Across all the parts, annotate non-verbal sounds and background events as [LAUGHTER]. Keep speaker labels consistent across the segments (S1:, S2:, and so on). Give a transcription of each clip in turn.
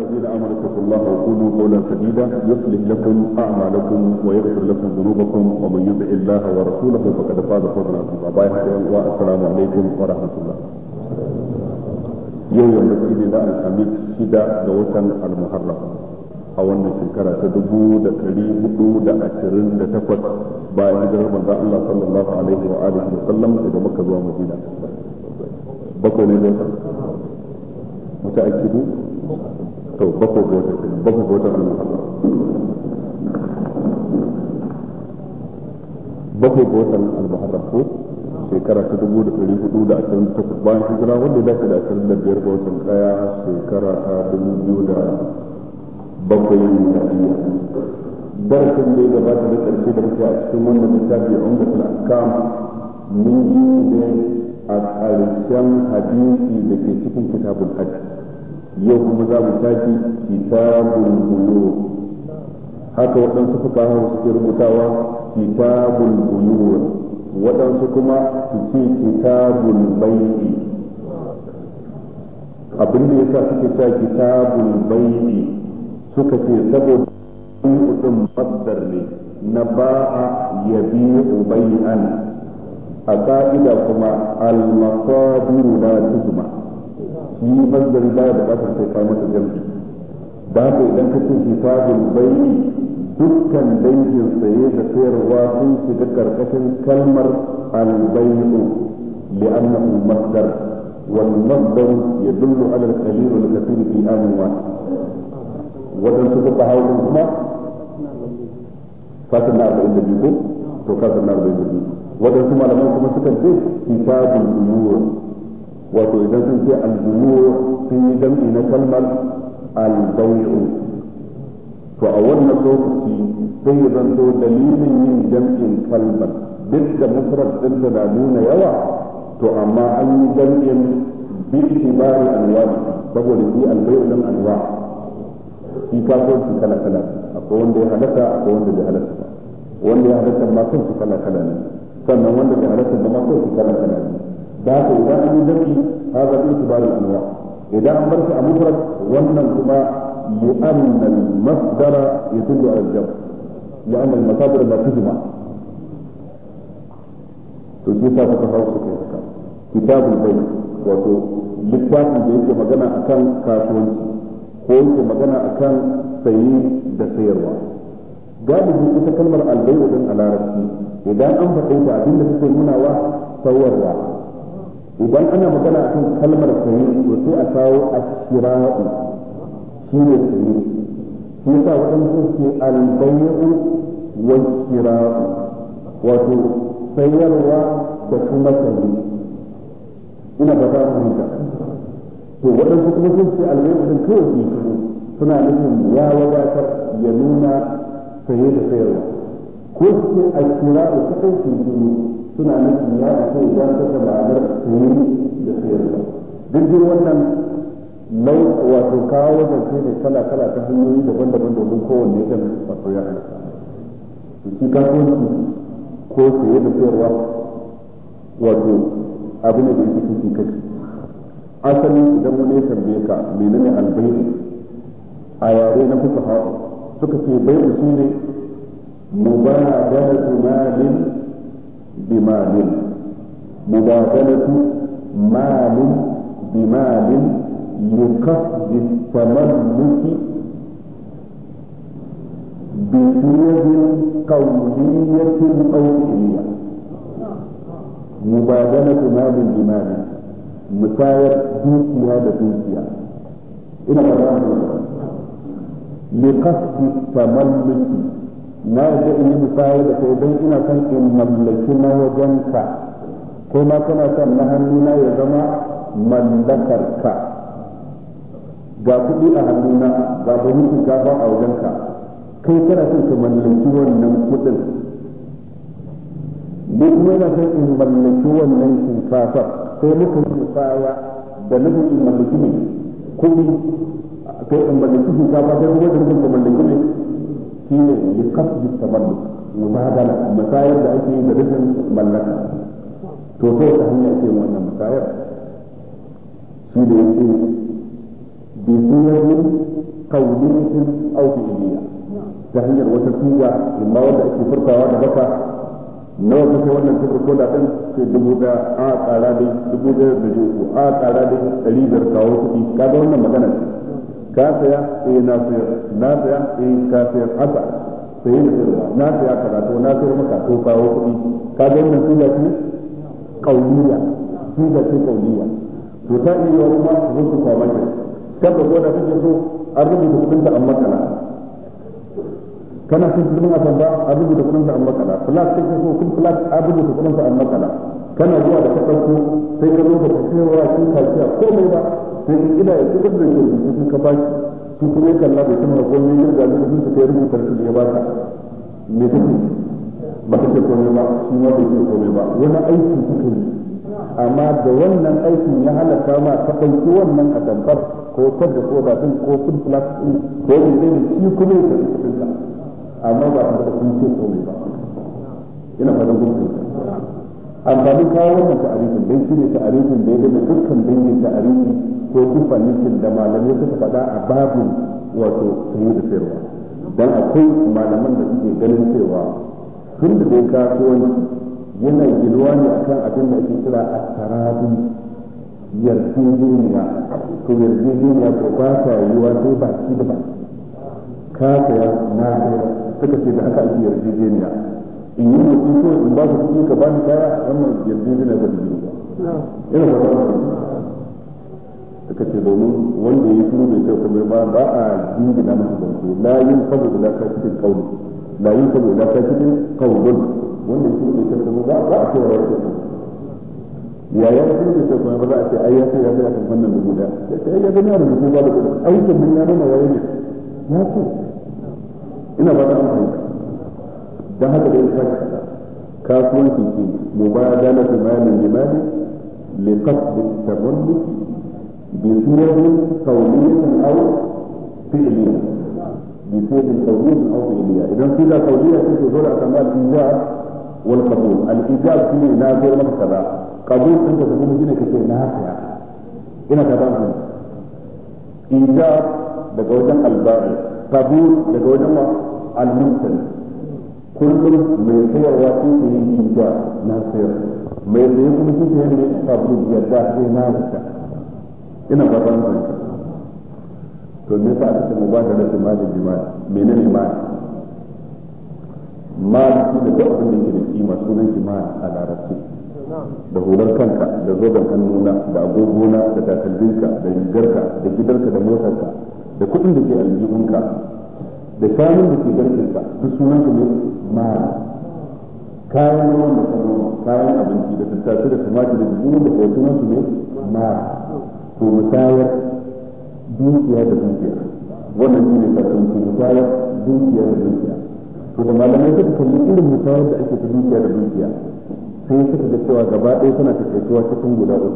S1: الذين امنوا اتقوا الله وقولوا قولا سديدا يصلح لكم اعمالكم ويغفر لكم ذنوبكم ومن يطع الله ورسوله فقد فاز فوزا عظيما عليكم ورحمه الله yau yanzu shi ne ga watan almuharram a wannan shekara ta dubu da ɗari hudu da ashirin da takwas bayan hijirar to bako bota bako bota al bako bota al-muharram ko shekara ta dubu da ɗari hudu da ashirin da takwas bayan hijira wanda ya dace da ashirin da biyar ga watan ɗaya shekara ta dubu biyu da bakwai da biyu darasin da ya gabata da ƙarshe da muke a cikin wannan littafi a umar al-akam mun yi ne a ƙarshen hadisi da ke cikin kitabun hajji yau kuma za mu tafi kitabun bulu haka waɗansu suka hau suke rubutawa kitabun bulu waɗansu kuma su ce kitabun bai'i abin da yasa suke cewa kitabun bai'i suka ce saboda ɗin masdar ne na ba'a yabi'u ubaian a ka'ida kuma almakwa masadiru na tuzuma shi mazari baya bukatar sai kai masa jam'i da haka idan ka ce kitabul bayyi dukkan dangin saye da sayarwa sun shiga karkashin kalmar albayu li'annahu masdar wal masdar yadullu ala al-qalil wal kathir fi amin wahid wadan su fuka hawo kuma fatin na 42 ko to fatin na 42 wadan su malaman kuma suka ce kitabul umur wato idan sun ce al sun yi jam'i na kalmar al to a wannan lokaci sai ya zanto dalilin yin jam'in kalmar duk da mufrad ɗinta na nuna yawa to amma an yi jam'in bi itibari anwa'i saboda shi al nan anwa shi kasuwanci kala kala akwai wanda ya halatta akwai wanda bai halatta wanda ya halatta ma kansu kala kala ne sannan wanda bai halatta ba ma kansu kala kala ne da haka idan an yi nafi su itibarul anwa idan an bar shi a mufrad wannan kuma لأن المصدر يدل على to لأن ta لا تجمع تجيسا فتحاوش كيسا كتاب البيت wato littafin da yake magana akan kasuwanci ko yake magana akan sayi da sayarwa galibi ita kalmar albayu din a larabci idan an faɗe ta abin suke nunawa sawarwa idan ana magana a kan kalmar sayi to sai a kawo ashira'u shi ne sayi shi yasa waɗansu ke albayu wa shira'u wato sayarwa da kuma sayi ina ba za a fahimta to waɗansu kuma sun ce albayu din kawai su suna nufin ya wadatar ya nuna saye da sayarwa ko su ce ashira'u kaɗai su yi suna nufin ya fito don saka ma'anar sayi da sayarwa duk dai wannan mai wato kawo zance ne kala kala ta hanyoyi daban-daban domin kowanne kan wato ya halatta to shi kasuwanci ko saye da sayarwa wato abu ne da yake kashi kashi asali idan wani ya tambaye ka menene albai a yare na hau suka ce bai shi ne mubayaatu malin بمال مبادلة مال بمال لقصد التملك
S2: بسير
S1: قولية أو فعلية مبادلة مال بمال مساير دوسيا لدوسيا إلى مرات لقصد التملك na yadda in yi musayar da kai don ina son in mallaki na wajenka ko ma kana son na hannuna ya zama mallakarka ga kuɗi a hannuna ga buhun shinkafa a wajenka kai kana son ka mallaki wannan kuɗin ni kuma yana son in mallaki wannan shinkafa sai muka yi musaya da nufin in mallaki ne kuɗi kai in mallaki shinkafa sai kuma da nufin ka mallaki ne shi ne bi ta tamalluk mubadala musayar da ake yi da rufin mallaka to sai ta hanya ce wannan musayar shi da yake bi sunan qawliyatin aw fi'liya ta hanyar wata tuba imma wanda ake furtawa da baka nawa sai wannan tuba ko da din sai dubu da a tsara dai dubu da da a tsara dai dari biyar kawo kuɗi kaga wannan magana ka saya eh na sayar na saya eh ka sayar haka sai da sayarwa na saya kaza to na sayar maka to kawo kuɗi ka ga wannan sila ce kauliya sila ce kauliya to ta iya yawa kuma su zo su kwama ke kada ko da kake so an rubuta kuɗin ta amma makala kana son kuɗin a sanda an rubuta kuɗin ta amma makala flat kake so kun flat an rubuta kuɗin ta amma makala kana zuwa da ka ɗauko sai ka zo ka kashewa kin kaciya komai ba sai in gida ya zubar da rubutu sun ka baki su kuma ya kalla bai sanar ko mai yirga da sun ta rubuta su da ya baka me kake ba kake komai ba shi ma bai ce komai ba wani aiki kuka yi amma da wannan aikin ya halaka ma ta ɗauki wannan a dabbar ko ta da ko da sun ko full flat ɗin ko in ɗaya shi kuma ya tafi kuɗin ka amma ba ta da sun ce komai ba ina fatan kun fahimta amfanin kawo wannan ta'arifin dai shi ne ta'arifin da ya dame dukkan dangin ta'arifi ko kufa nishin da malamai suka faɗa a babin wato sayi da sayarwa don akwai malaman da suke ganin cewa tun da dai kasuwanci yana ginuwa ne akan abin da ake kira a yarjejeniya to yarjejeniya ko ba ta yiwa sai ba shi da ba ka saya na saya suka ce da haka ake yarjejeniya in yi mutum so in ba su kuɗi ka ba ni kaya wannan duniya ba da ba. Ina ba suka ce domin wanda ya shiru mai kai kuma ba ba a jingina masa zance la yin fadu da ka cikin kauli la yin fadu da ka cikin kaulun wanda ya shiru mai kai kuma ba ba a cewa ya ce ya ya shiru bai kai kuma ba za a ce ai ya ce ya ce a kan fannin dubu da ya ce ya gani a rubutu ba da kuma aikin mun ya nuna waye ne ya ce ina ba ta amfani dan haka da ya saka kasuwanci ke mubadalatu malin bi malin liqasd at-tabarruk بصورة قولية أو فعلية بصورة قولية أو فعلية إذا صورة قولية تدور على كمال الإيجاب والقبول الإيجاب فيه نازل لك كذا قبول أنت تكون دينك شيء نافع هنا كذا إيجاب بقوجة الباعث قبول بقوجة الممتنع kullum mai sayarwa shi ke yin kinta na sayar mai sayar kuma shi ke yin kabul yadda sai na rika ina ba ban san to me yasa aka mu ba da rasul malin jima'i menene ma ma shi da duk abin da yake da kima sunan shi ma a larabci da hular kanka da zoben hannuna da agogona da takalminka da rigarka da gidanka da motarka da kuɗin da ke aljihunka da kayan da ke garkinka duk sunan shi ne ma kayan ruwan da kano kayan abinci da tattace da tumatir da buhu da sunan su ne ma ko musayar dukiya da dukiya wannan shi ne karfin ko musayar dukiya da dukiya to da malamai suka kalli irin musayar da ake ta dukiya da dukiya sai suka ga cewa gaba ɗaya suna ta takaituwa cikin guda uku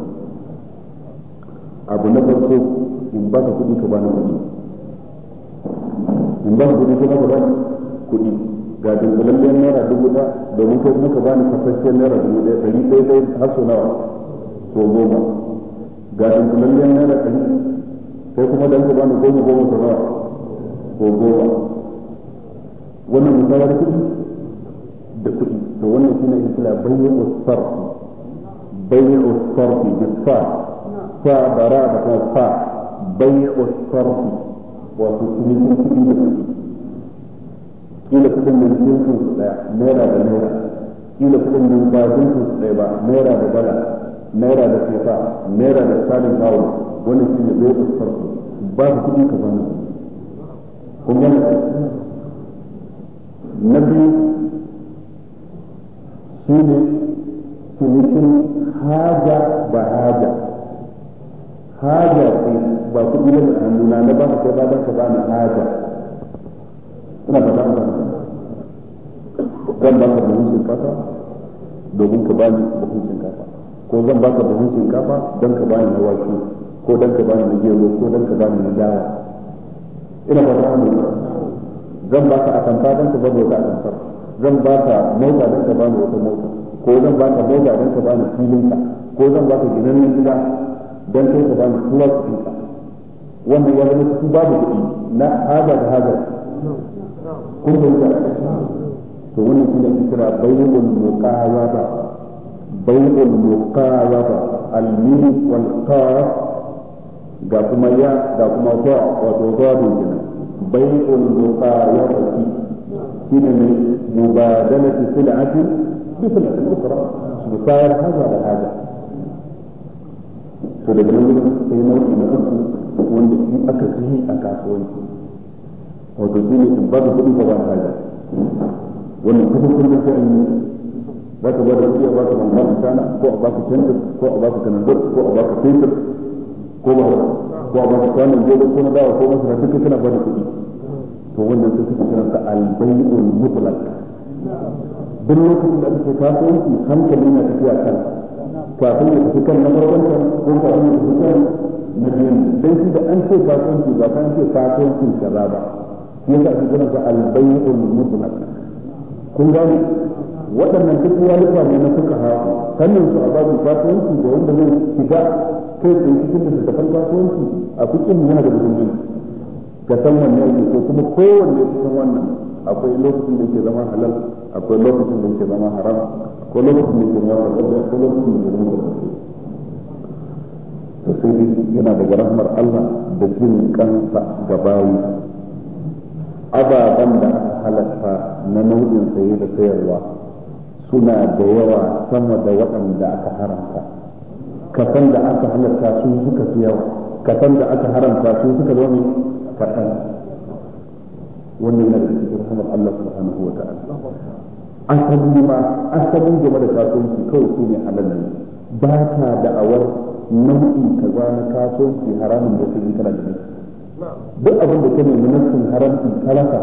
S1: abu na farko in ba ka kuɗi ka ba na kuɗi in ba ka kuɗi ka ba ka kuɗi ga dunkulalliyar naira dubu ɗaya domin kai kuma ka ba ni kasashen naira dubu ɗaya ɗari ɗaya ɗaya har sau nawa sau goma ga dunkulallen naira ɗari ko kuma dan ku bani goma goma ta ba ko goma wannan musayar kuɗi da kuɗi to wannan shi shine isla bayyin usfarfi bayyin usfarfi bi sa sa bara da kuma fa bayyin usfarfi wato cinikin kuɗi da kuɗi kila kuɗin nan sun su ɗaya naira da naira kila kuɗin nan ba sun su ɗaya ba naira da dala naira da sefa naira da tsarin kawo wani shi ne bai su ba su kudi ka bani
S2: kun da na biyu shi ne cinikin haja
S1: ba haja haja ce ba kudi ne a hannu na ba ka kai ba ka bani haja ina ba za mu zama zan ba ka buhun shinkafa domin ka bani buhun shinkafa ko zan baka buhun shinkafa don ka bani na wake ko don ka bani na gero ko don ka bani na dawa ina ba ta mu zan baka atamfa don ka bani wata atamfa zan baka mota don ka bani wata mota ko zan baka mota don ka bani filinka ko zan baka ginannen gida don kai ka bani su fita wanda ya zama su babu kuɗi na haza da haza kun fahimta to wannan shi ne kira bayyana ba. بيع المقاربة الميم والقاف قاكما يا قاكما ضاع وتضاد الجنة بيع المقاربة كنا مبادلة سلعة بسلعة أخرى مقارب هذا لهذا فلجنة sai nau'i na uku wanda shi aka وتجيني a kasuwanci wato shi ne in ba da kuɗi za ka bada kuɗi a baka bambam tana ko a baka canjin ko a baka kanadar ko a baka fetur ko ba ko a baka kwanan gobe ko na dawa ko masara duka kana bada kuɗi to wannan sun suka kira sa albayul mutlaq duk lokacin da kake kasuwanci hankali na tafiya kan kafin ya tafi kan na farkon ko kafin ya tafi kan na biyan dan shi da an ce kasuwanci ba kan ce kasuwancin kaza ba shi yasa ake kira sa albayul mutlaq kun gani waɗannan duk walufa ne na suka ha sannan su a babin kasuwanci da wanda zai shiga kai tsaye cikin da littattafan kasuwanci a cikin yana da mutunci ga san wanne yake ko kuma kowanne cikin wannan akwai lokacin da yake zama halal akwai lokacin da yake zama haram akwai lokacin da yake zama halal akwai lokacin da yake zama haram to sai dai yana daga rahmar Allah da jin kansa ga bayi ababen da aka halatta na nau'in saye da sayarwa suna da yawa sama da waɗanda aka haramta kasan da aka halarta su suka fi yawa kasan da aka haramta su suka zo ne kaɗan wannan yana da cikin rahmar Allah subhanahu wa ta'ala asali ma asali game da kasuwanci kawai su ne halal ne ba ta da'awar ka kaza na kasuwanci haramun da yi kana da duk abin da kake nemi nufin haramun talaka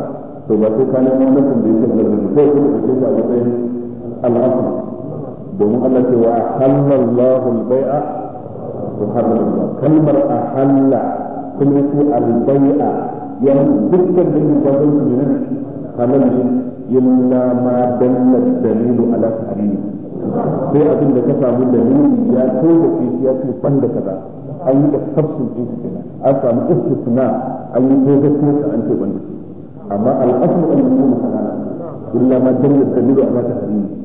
S1: to ba sai ka nemo nafsin da yake da ne kawai kuma ka ce ba matsayin al'asr domin Allah ce wa halallahu al-bai'a
S2: wa harrama
S1: kalmar ahalla kuma ce al-bai'a yana dukkan da yin bazan su ne halal ne illa ma dalla dalilu ala tahrim sai abin da ka samu dalili ya tauba shi ya ce da. kaza an yi da tafsir din kenan an samu istisna an yi tauba ko an ce banda amma al-asr an yakuna halal illa ma dalla dalilu ala ne.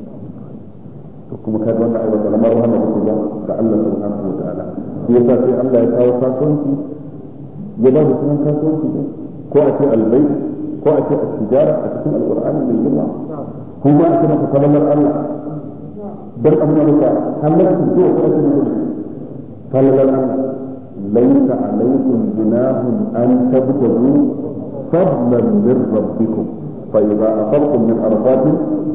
S1: kuma ka ga wannan aiwata lamar wahala da ba ga Allah subhanahu wa ta'ala shi yasa sai Allah ya kawo kasuwanci ya ba da sunan kasuwanci ko a ce albai ko a ce tijara a cikin alqur'ani mai girma kuma a ce maka kalmar Allah dan amma da halakku ko a ce kalmar Allah laysa alaykum junahun an tabtagu fadlan min rabbikum فإذا أخذتم من عرفات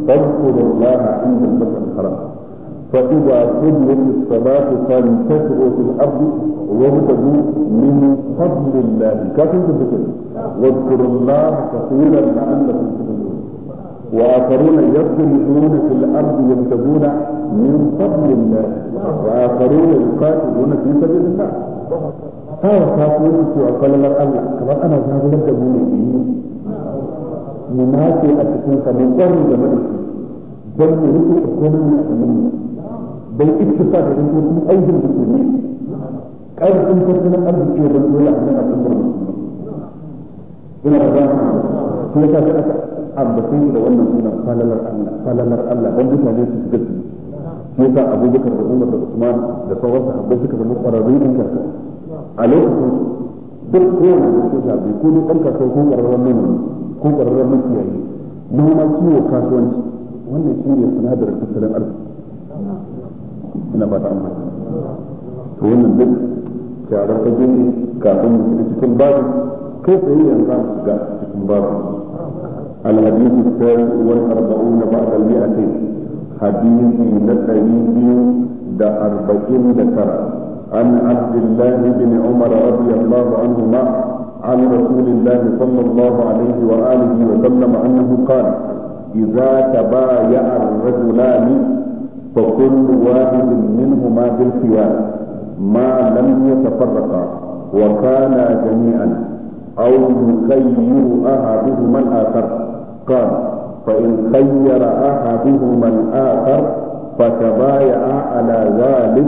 S1: فاذكروا الله عند المسجد الحرام فإذا قضيت الصلاة فانتشروا في الأرض وابتغوا من فضل الله كافي بالذكر واذكروا الله كثيرا لعلكم تفلحون وآخرون يضربون في الأرض يبتغون من فضل الله وآخرون يقاتلون في سبيل الله هذا في وقال الله كما أنا ذهب لك mu nace a cikin sa mu da shi don
S2: mu rike ikonomi a nan don ittifa da rike kuma aikin da ke ne ƙarfin tattalin arziki ya zanto ya a al'ummar musulmi
S1: ina da zama shi ka sa aka ambace da wannan sunan falalar Allah falalar Allah don mutane su shiga shi ya abubakar da umar da usman da sauran sahabbai suka zama ƙwararru ɗan kasuwa a lokacin duk kowane da suka shafi ko duk ɗan kasuwa ko ƙwararren mai ko ƙwararren makiyayi noma kiwo kasuwanci wannan shi ne sinadarin tattalin arziki ina ba ta amma to wannan duk kafin mu shiga cikin babu kai tsaye za mu shiga cikin babu a الثالث والأربعون بعد المئتين حديث نتعيد دا أربعين ذكر عن عبد الله عن رسول الله صلى الله عليه وآله وسلم أنه قال إذا تبايع الرجلان فكل واحد منهما بالخيار ما لم يتفرقا وكانا جميعا أو يخير أحدهما الآخر قال فإن خير أحدهما الآخر فتبايع على ذلك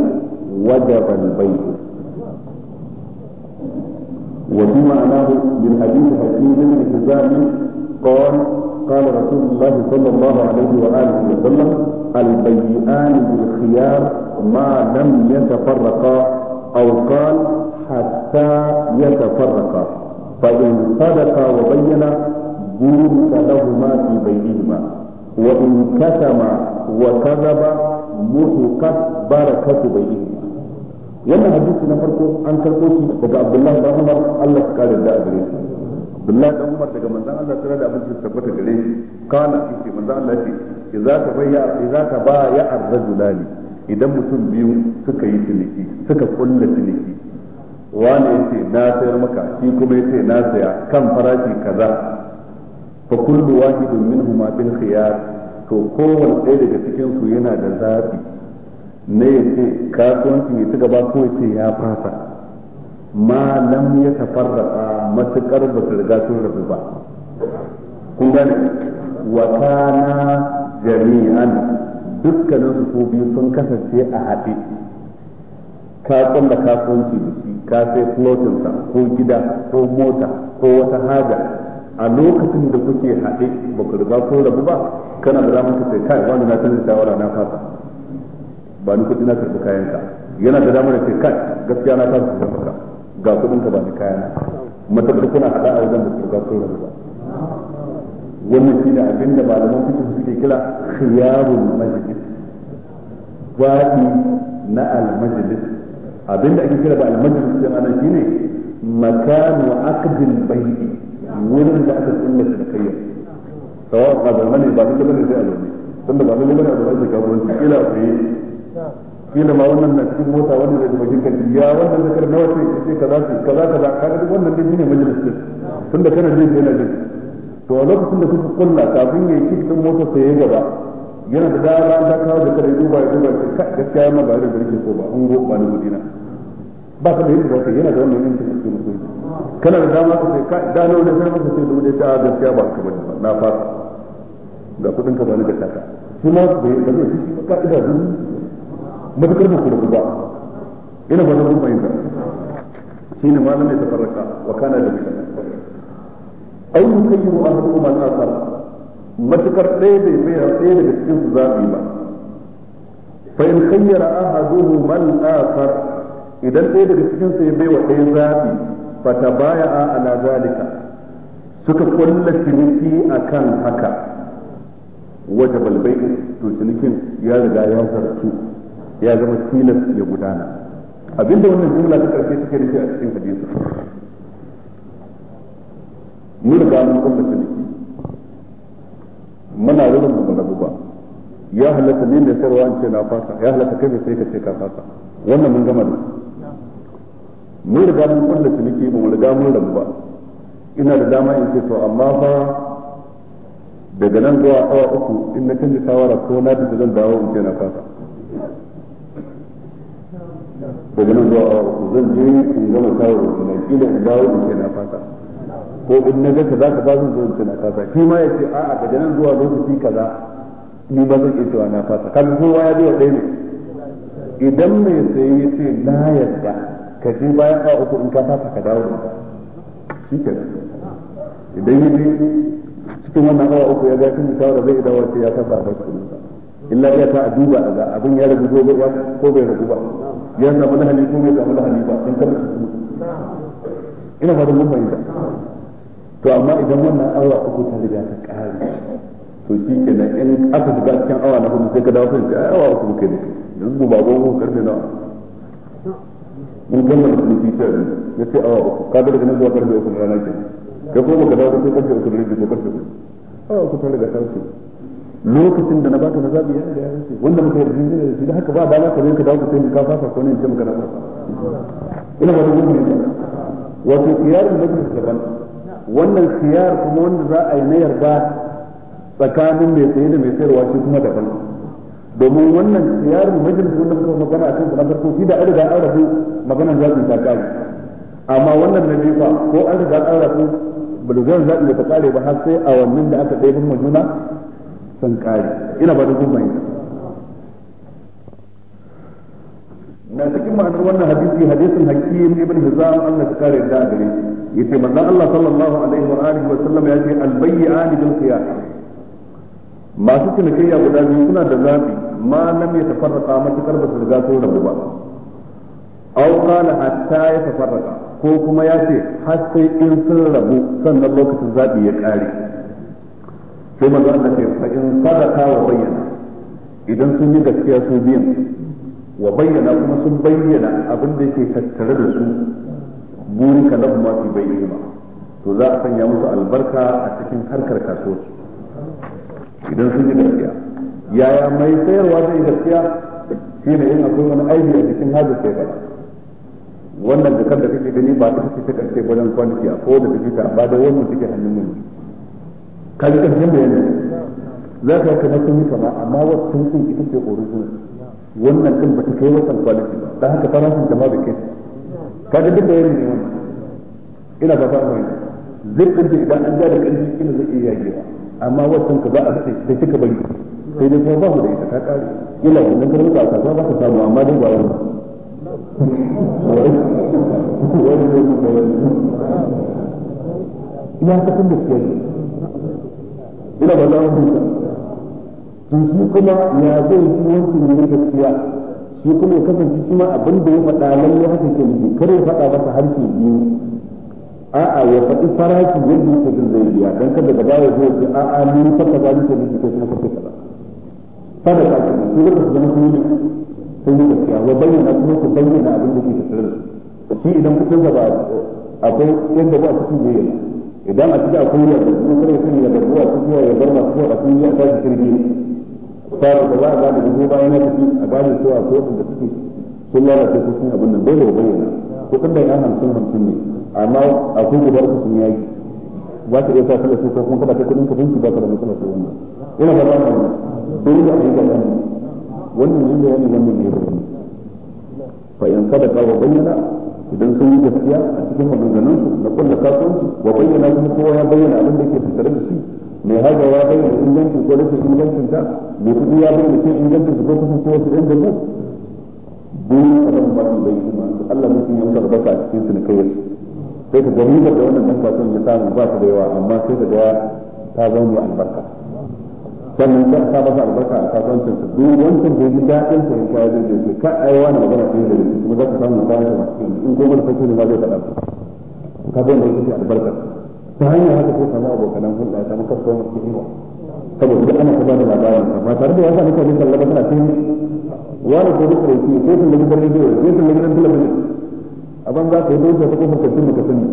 S1: وجب البيت وفي معناه من حديث حكيم بن حزام قال قال رسول الله صلى الله عليه واله وسلم البيئان بالخيار ما لم يتفرقا او قال حتى يتفرقا فان صدقا وبينا بورك لهما في بينهما وان كتما وكذب محقت بركه بينهما wannan hadisi na farko an karɓo shi daga abdullah da Umar Allah ya kare da gare shi abdullah da Umar daga manzan Allah tsara da abin da tabbata gare shi kana ce manzan Allah ce idza tabayya idza ya ar-rajulani idan mutum biyu suka yi ciniki suka kulla ciniki wani ya ce na sayar maka shi kuma ya ce na saya kan farashi kaza fa kullu wahidun minhuma bil khiyar to kowanne daga cikin su yana da zabi ne ya ce kasuwanci ya ci gaba ko ya ce ya fasa ma nan ya tafarraka matukar ba su riga sun rabu ba kun gane wa jami'an dukkanin su ko biyu sun kasance a haɗe ka da kasuwanci da shi ka sai flotin ko gida ko mota ko wata haja a lokacin da kuke haɗe ba ku riga sun rabu ba kana da ramin ka sai kai wani na sanin shawara na fasa ba ni kudi na karɓi ka yana da damar ce kat gaskiya na tasu da ka ga kudin ka ba ni kayan matakar kuna haɗa a wajen da su ga kai
S2: ba
S1: wannan shi ne abin da malaman fitin suke kira khiyarul majlis ba'i na al-majlis abin da ake kira da al-majlis din anan ne makanu aqdil bayti wurin da aka tsinna da kayyar sawa ka zama ne ba da ne sai a zaune tunda ba dole bane a zaune ka gwamnati kila ku kila ma wannan na cikin mota wanda zai bakin kan ya wannan zakar nawa sai ya ce kaza ce kaza kaza ka duk wannan dai shine majalis din tunda kana jin yana jin to a lokacin da kuka kulla kafin ya yi cikin mota sai ya gaba yana da dama an dakawa da kare duba ya duba ka gaskiya yana ba da barke ko ba an go ba ni gudina ba ka da yin wata yana da wannan yankin cikin mutum kana da dama ka sai ka da nawa ne sai ka sai dubu da ta gaskiya ba ka ba na fata ga kudin ka ba ni da kaka shi ma bai da zai shi ka ida dubu matukar ba ku rabu ba ina ba zan fahimta shi ne malamai ta farraka, wa kana da mutane ai yukayyiru ahadukum al-akhar matukar ɗaya bai bai ɗaya daga cikin su zaɓi ba fa in khayyara ahaduhum al-akhar idan ɗaya daga cikin su ya bai wa ɗaya zaɓi, fa tabaya'a ala zalika suka kulla ciniki kan haka wajabal bai'u to cinikin ya riga ya zartu ya zama tilas ya gudana abinda wannan jumla ta karfe take da shi a cikin hadisi mun riga mun kuma ciniki muna rubun mu rabu ba ya halatta ne mai sarwa an ce na fasa ya halatta kai sai ka ce ka fasa wannan mun gama da mun riga mun kuma ciniki biki mun riga mun rabu ba ina da dama in ce to amma fa daga nan zuwa awa uku in na canza shawara ko na da zan dawo in ce na fasa daga nan zuwa awa uku zan je in gama shawarwari na kila in dawo in ce na fasa ko in na gaka za ka zan zo in ce na fasa shi ma ya ce a'a daga nan zuwa lokaci kaza ni ba zan iya cewa na fasa kan kowa ya biya ɗaya ne idan mai sayi ya ce na yarda ka je bayan a uku in ka fasa ka dawo da shi kenan idan ya je cikin wannan awa uku ya ga kin shawara zai dawo ce ya fasa a bakin sa illa ya ta a duba daga abin ya rabu ko bai ko bai rabu ba ya samu lahani ko bai samu lahani ba sun kada su ina fatan mun bai to amma idan wannan awa uku ta riga ta kare to shi ke kenan in aka shiga cikin awa na hudu sai ka dawo kan ai awa uku muke ne yanzu ba gogo karfe nawa mun gama da shi sai ya ce awa uku ka daga nan zuwa karfe uku na rana kenan kai ko ka dawo sai karfe uku da rabi ko karfe uku awa uku ta riga ta wuce lokacin da na baka na zabi ya da ya race wanda muka yarda ne da shi da haka ba ba na ka zo ka dawo ka sai ka fasa ko ne in ce maka na fasa
S2: ina ba da gudu ne wato da majlis daban
S1: wannan khiyar kuma wanda za a yi na yarda tsakanin mai saye da mai sayarwa shi kuma daban domin wannan da majlis wanda muka magana a kansa na farko shi da an riga an rabu maganar zabi ta kare amma wannan na biyu ko an riga an rabu bulgar zabi ba ta kare ba har sai a wannan da aka ɗaya bin juna son ƙari ina ba da kun fahimta na cikin ma'anar wannan hadisi hadisin hakim ibn hizam Allah ya kare da gare shi yace manzon Allah sallallahu alaihi wa alihi wa sallam ya ce al bay'ani bil qiyas masu cinikayya guda biyu suna da zabi ma lam tafarraka matakar ba su riga sun rabu ba aw qala hatta tafarraka ko kuma ya ce har sai in sun rabu sannan lokacin zaɓi ya kare sai manzo Allah ce fa in sadaka wa bayyana idan sun yi gaskiya su biyan wa bayyana kuma sun bayyana abin da yake tattare da su burin ka lahu ma fi bayyana to za a sanya musu albarka a cikin harkar kasuwanci idan sun yi gaskiya yaya mai sayarwa zai gaskiya shi ne yin akwai wani aibi a cikin hajjar sai ba wannan jakar da kake gani ba ta kake ta karshe wajen kwanci a kowace da take ta ba da wannan take hannun mulki ka ji ƙarshen bayani za ka yi kamar sun yi kama amma wasu sun sun ita ce original wannan din ba ta kai wasan quality ba dan haka farashin ta da bai kai ka ga duk bayani ne ina ba ta mai zai kanji idan an ja da kanji ina zai iya yi yagewa amma wasan ka za a sai sai kika bari sai dai kuma ba mu da ita ta kare ina wannan garin ka kasuwa ba ka samu amma dai ba wannan
S2: ya kasan da siyasa ina ba za mu huta to
S1: shi kuma ya zai yi wancan ne gaskiya shi kuma ya kasance shi ma abin da ya faɗa lalle haka ke nufi kar ya faɗa masa harshe biyu a'a ya faɗi farashi yadda yake jin zai biya dan kada gaba ya zo ce a'a ni fa kaza nake nufi ko kuma kace kaza fara ka ce shi ne kuma zama kuma sai ne gaskiya wa bayyana kuma ku bayyana abin da ke tattare da shi idan kuka gaba akwai yadda ba su bayyana idan a cikin akwai yadda kuma kare sun da zuwa cikin yadda bar masu kowa a cikin a ta kirgi sabu da za a ba da zuwa bayan ya tafi a gane cewa ko da suke sun lalace su sun abin nan dole ya bayyana ko kan da ya hamsin hamsin ne amma akwai gubar su sun yaki ba ka iya sa kala su ko kuma kada ka kudin ka binci ba ka da matsala ko
S2: wannan ina ba ko
S1: a yi wannan yin bayani wannan ne fa in bayyana idan sun yi gaskiya a cikin maganganun su na kulla su wa bayyana kuma kowa ya bayyana abin da ke tattare da shi mai haja ya bayyana ingancin ko rashin ingancin ta mai kudi ya bayyana cin ingancin su ko ko su ɗan da mu dole ka ba su bayyana ma Allah mutum ya mutu albarka a cikin su ne kai wasu sai ka gani da wannan dan ya samu ba su da yawa amma sai ka ga ta zama albarka sannan sai ta sa albarka a kasuwancin su duk wancan da yi daɗin sa ya ta zai zai ka ai wani magana ta yi da shi kuma za ka samu mutane da masu in goma da fashe ne ma zai faɗa su ka zai mai kashe albarka ta hanyar haka ko samu abokanan hulɗa ya samu kasuwa masu yiwa saboda duk ana kuma da labarin sa ba tare da ya sa mutane sallama suna ta yi wani ko duk rai ko sun da gidan rediyo ko sun da gidan talabijin a banza ka yi dole ka kofar kafin da ka sani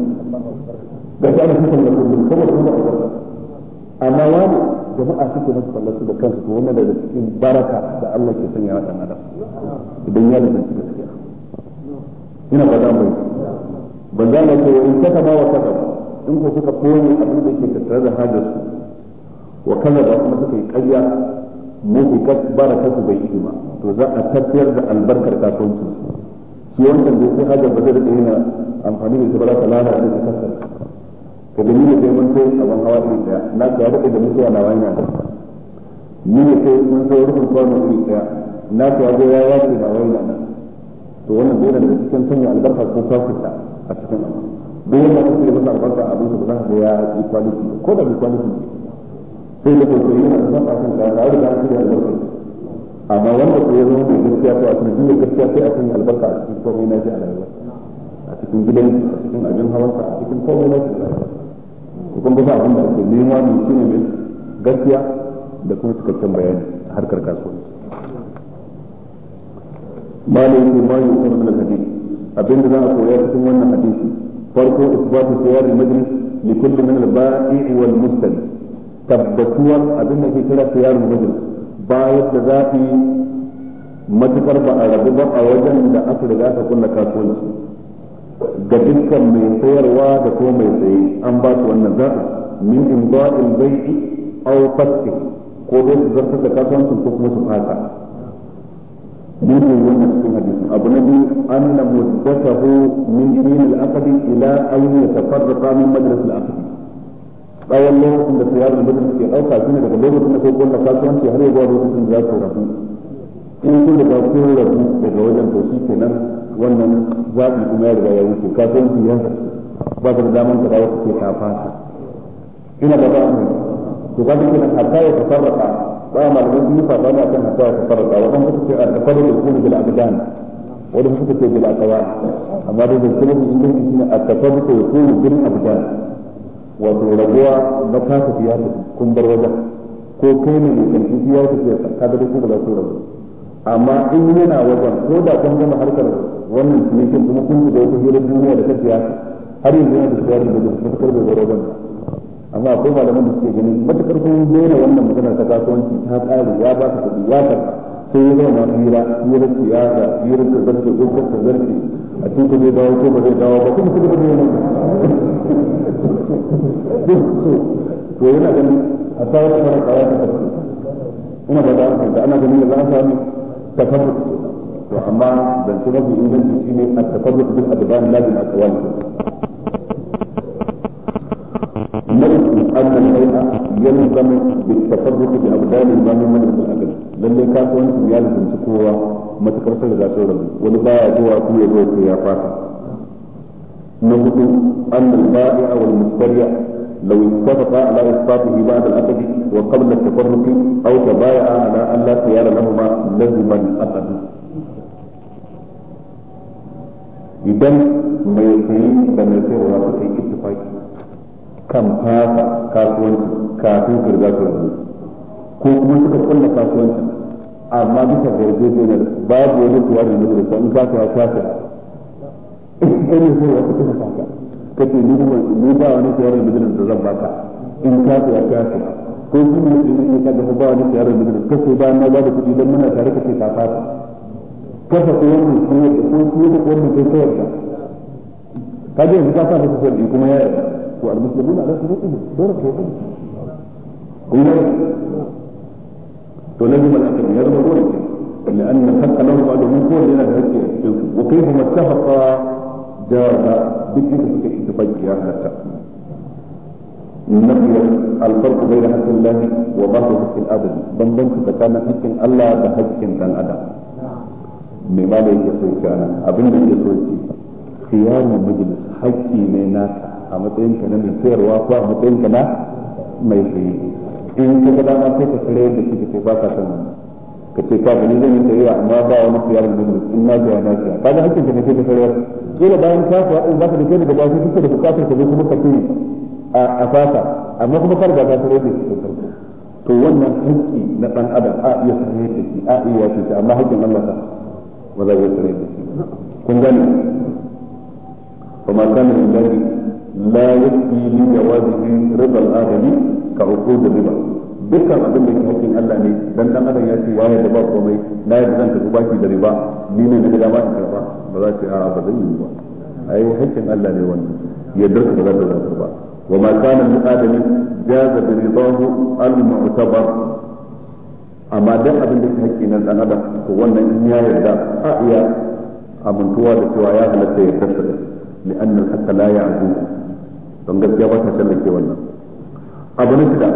S1: da shi ana kusan da kullum saboda kuma albarka amma wani jama'a suke musu fallasa da kansu to wannan daga cikin baraka da Allah ke sanya wa dan adam idan ya lalace gaskiya ina ba za mu yi ba za mu ce in kaka ba wa kaka in ko suka koyi abin da ke tattare da hadasu wa kaza ba kuma suka yi ƙarya baraka su bai yi ba to za a tafiyar da albarkar kasuwancin su shi wancan da sai hajar ba zai rika yana amfani da shi ba za ta lalata da kasar ka da ni ne kai mun sai abin hawa iri daya na ka rufe da mutuwa na wani nan ni ne kai mun sai rufin kwano iri daya na ka ga ya yace na wani nan to wannan dole ne cikin sanya albarka ko kafirta a cikin abu duk wanda kuke masa albarka abin da za ka ga ya yi quality ko da bi quality sai da kuke yin albarka kan ka ga da ka da albarka amma wanda ko ya zama mai gaskiya ko a cikin gaskiya sai a sanya albarka a cikin komai na ji a rayuwa a cikin gidan a cikin abin hawansa a cikin komai na ji a rayuwa kun ba abin da ake nema ne shi ne gaskiya da kuma cikakken bayani harkar kasuwanci ma ne ma yi kuma da hadisi abin da za a koya cikin wannan hadisi farko isbatu siyar majlis li kulli min al-ba'i wal mustari tabbatuwar abin da ke kira siyar majlis bayar da zafi matukar ba a rabu ba a wajen da aka riga ta kunna kasuwanci ga dukkan mai sayarwa da ko mai saye an ba su wannan zaɓi min in ba in bai'i aw fasqi ko dai su zartar da kasuwancin ko kuma su fasa mun yi wannan cikin hadisin abu na biyu an anna muddatahu min min al-aqdi ila an yatafarraqa min majlis al-aqdi tsawon lokacin da sayar da majlis ke dauka shine daga lokacin da ko kulla kasuwanci har zuwa lokacin da za su rabu in kun da ku rabu daga wajen to shi kenan wannan zaɓi kuma ya riga ya wuce kasuwanci ya ba ka da daman ka dawo ka ce ka fasa ina da ba'a mai to ba duk nan hatta ya tafarraka ba malaman sun yi fata ne akan hatta ya tafarraka wa dan suka ce a da kuma bil abdan wa dan suka ce bil akawa amma dai da kuma in da shi ne a da kuma bil abdan wato rabuwa na kasa fiya da kun bar wajen ko kai ne mai kanci fiya da ce ka da kuma da su rabu amma in yana wajen ko da kan gama harkar wannan cinikin kuma kun da wata hira duniya da kafiya har yanzu yana da tsari da matakar bai zaro ba amma akwai malaman da suke ganin matakar kun daina wannan maganar ta kasuwanci ta tsari ya ba ka kuɗi ya ka sai ya zama hira hira siyasa hira ka zarce ko ka ka zarce a cikin zai dawo ko ba zai dawo ba kuma kuma ba zai yana to yana ganin a tsawon fara kawai ta ina ba da ana ganin da za a samu tafarruki واما amma zance mafi inganci shine at-tafarruq bil adban lazim أن الشيء يلزم بالتفرق بأبدال الإمام من الأقل لأن كان وانت يلزم سكوة ما تكرسل ذا سورة ولبايع جوا كل يدوي يا فاتح نقول أن البائع والمشتري لو اتفق على إسقاطه بعد الأسد وقبل التفرق أو تبايع على أن لا خيار لهما لزما أسد idan mai sayi da mai sayarwa suka yi ittifaki kan fasa kasuwanci kafin su riga su rabu ko kuma suka kulla kasuwanci amma bisa ga yarjejeniyar babu wani kuwa da nuna da in ka saya ka saya in ne sayarwa suka yi kake ni kuma ni ba wani kuwa da nuna da zan baka in ka saya ka saya ko shi ne in ka ga ba wani kuwa da nuna da kace ba na ba da kuɗi don muna tare kake ta fasa kasa ku wannan sunan da ko ku da wannan kai kawai da kaje yanzu ka sa ku sai kuma ya yarda ko almuslimuna ala
S2: shurutihim dole ka yarda kun ga to
S1: lazim al-aqd ya zama dole ke لأن الحق له بعده من قول لنا هيك وكيف ما اتفق جاز بكيف اتفق يا أهل التقسيم
S2: نفي الفرق بين حق الله
S1: وباطل حق الابد بندم كتكان حق الله بحق دان ادم me ma da yake so yake ana abin da yake so yake kiyamun majalis haƙƙi ne na a matsayin ka na mai ko a matsayin ka na mai sayi in ka ga dama sai ka kare da shi ka ce ba ka san ka ce ka gani zan yi sayarwa amma ba wani khiyarul majalis in na ga na siya ba da hakkin ka ne sai ka sayar kila bayan ka fa in za ka dace daga bayan kike da bukatar ka zo kuma ka tuni a fata amma kuma ka riga ka sayar da shi to wannan haƙƙi na ɗan adam a iya sayar da shi a iya ta amma haƙƙin Allah ta ba za a yi sarai da shi kun gane fa ma kana lillahi la yakfi li jawazihi riba al-adami ka uqud riba dukkan abin da ke hakkin Allah ne dan dan adam ya ce ya yarda ba komai na yarda zan tafi baki da riba ni ne na gida ba in karɓa ba za ce a'a ba zan yi ba ai hakkin Allah ne wannan yardar ka ba za ta zartar ba wa ma kana al-adami jaza bi ridahu al-mu'tabar amma dan abin da ke haƙƙi na dan adam wannan in ya yarda a iya amintuwa da cewa ya halatta ya kasa da li anna al-haqqa la ya'zu don gaskiya ba ta tallake wannan abu na shida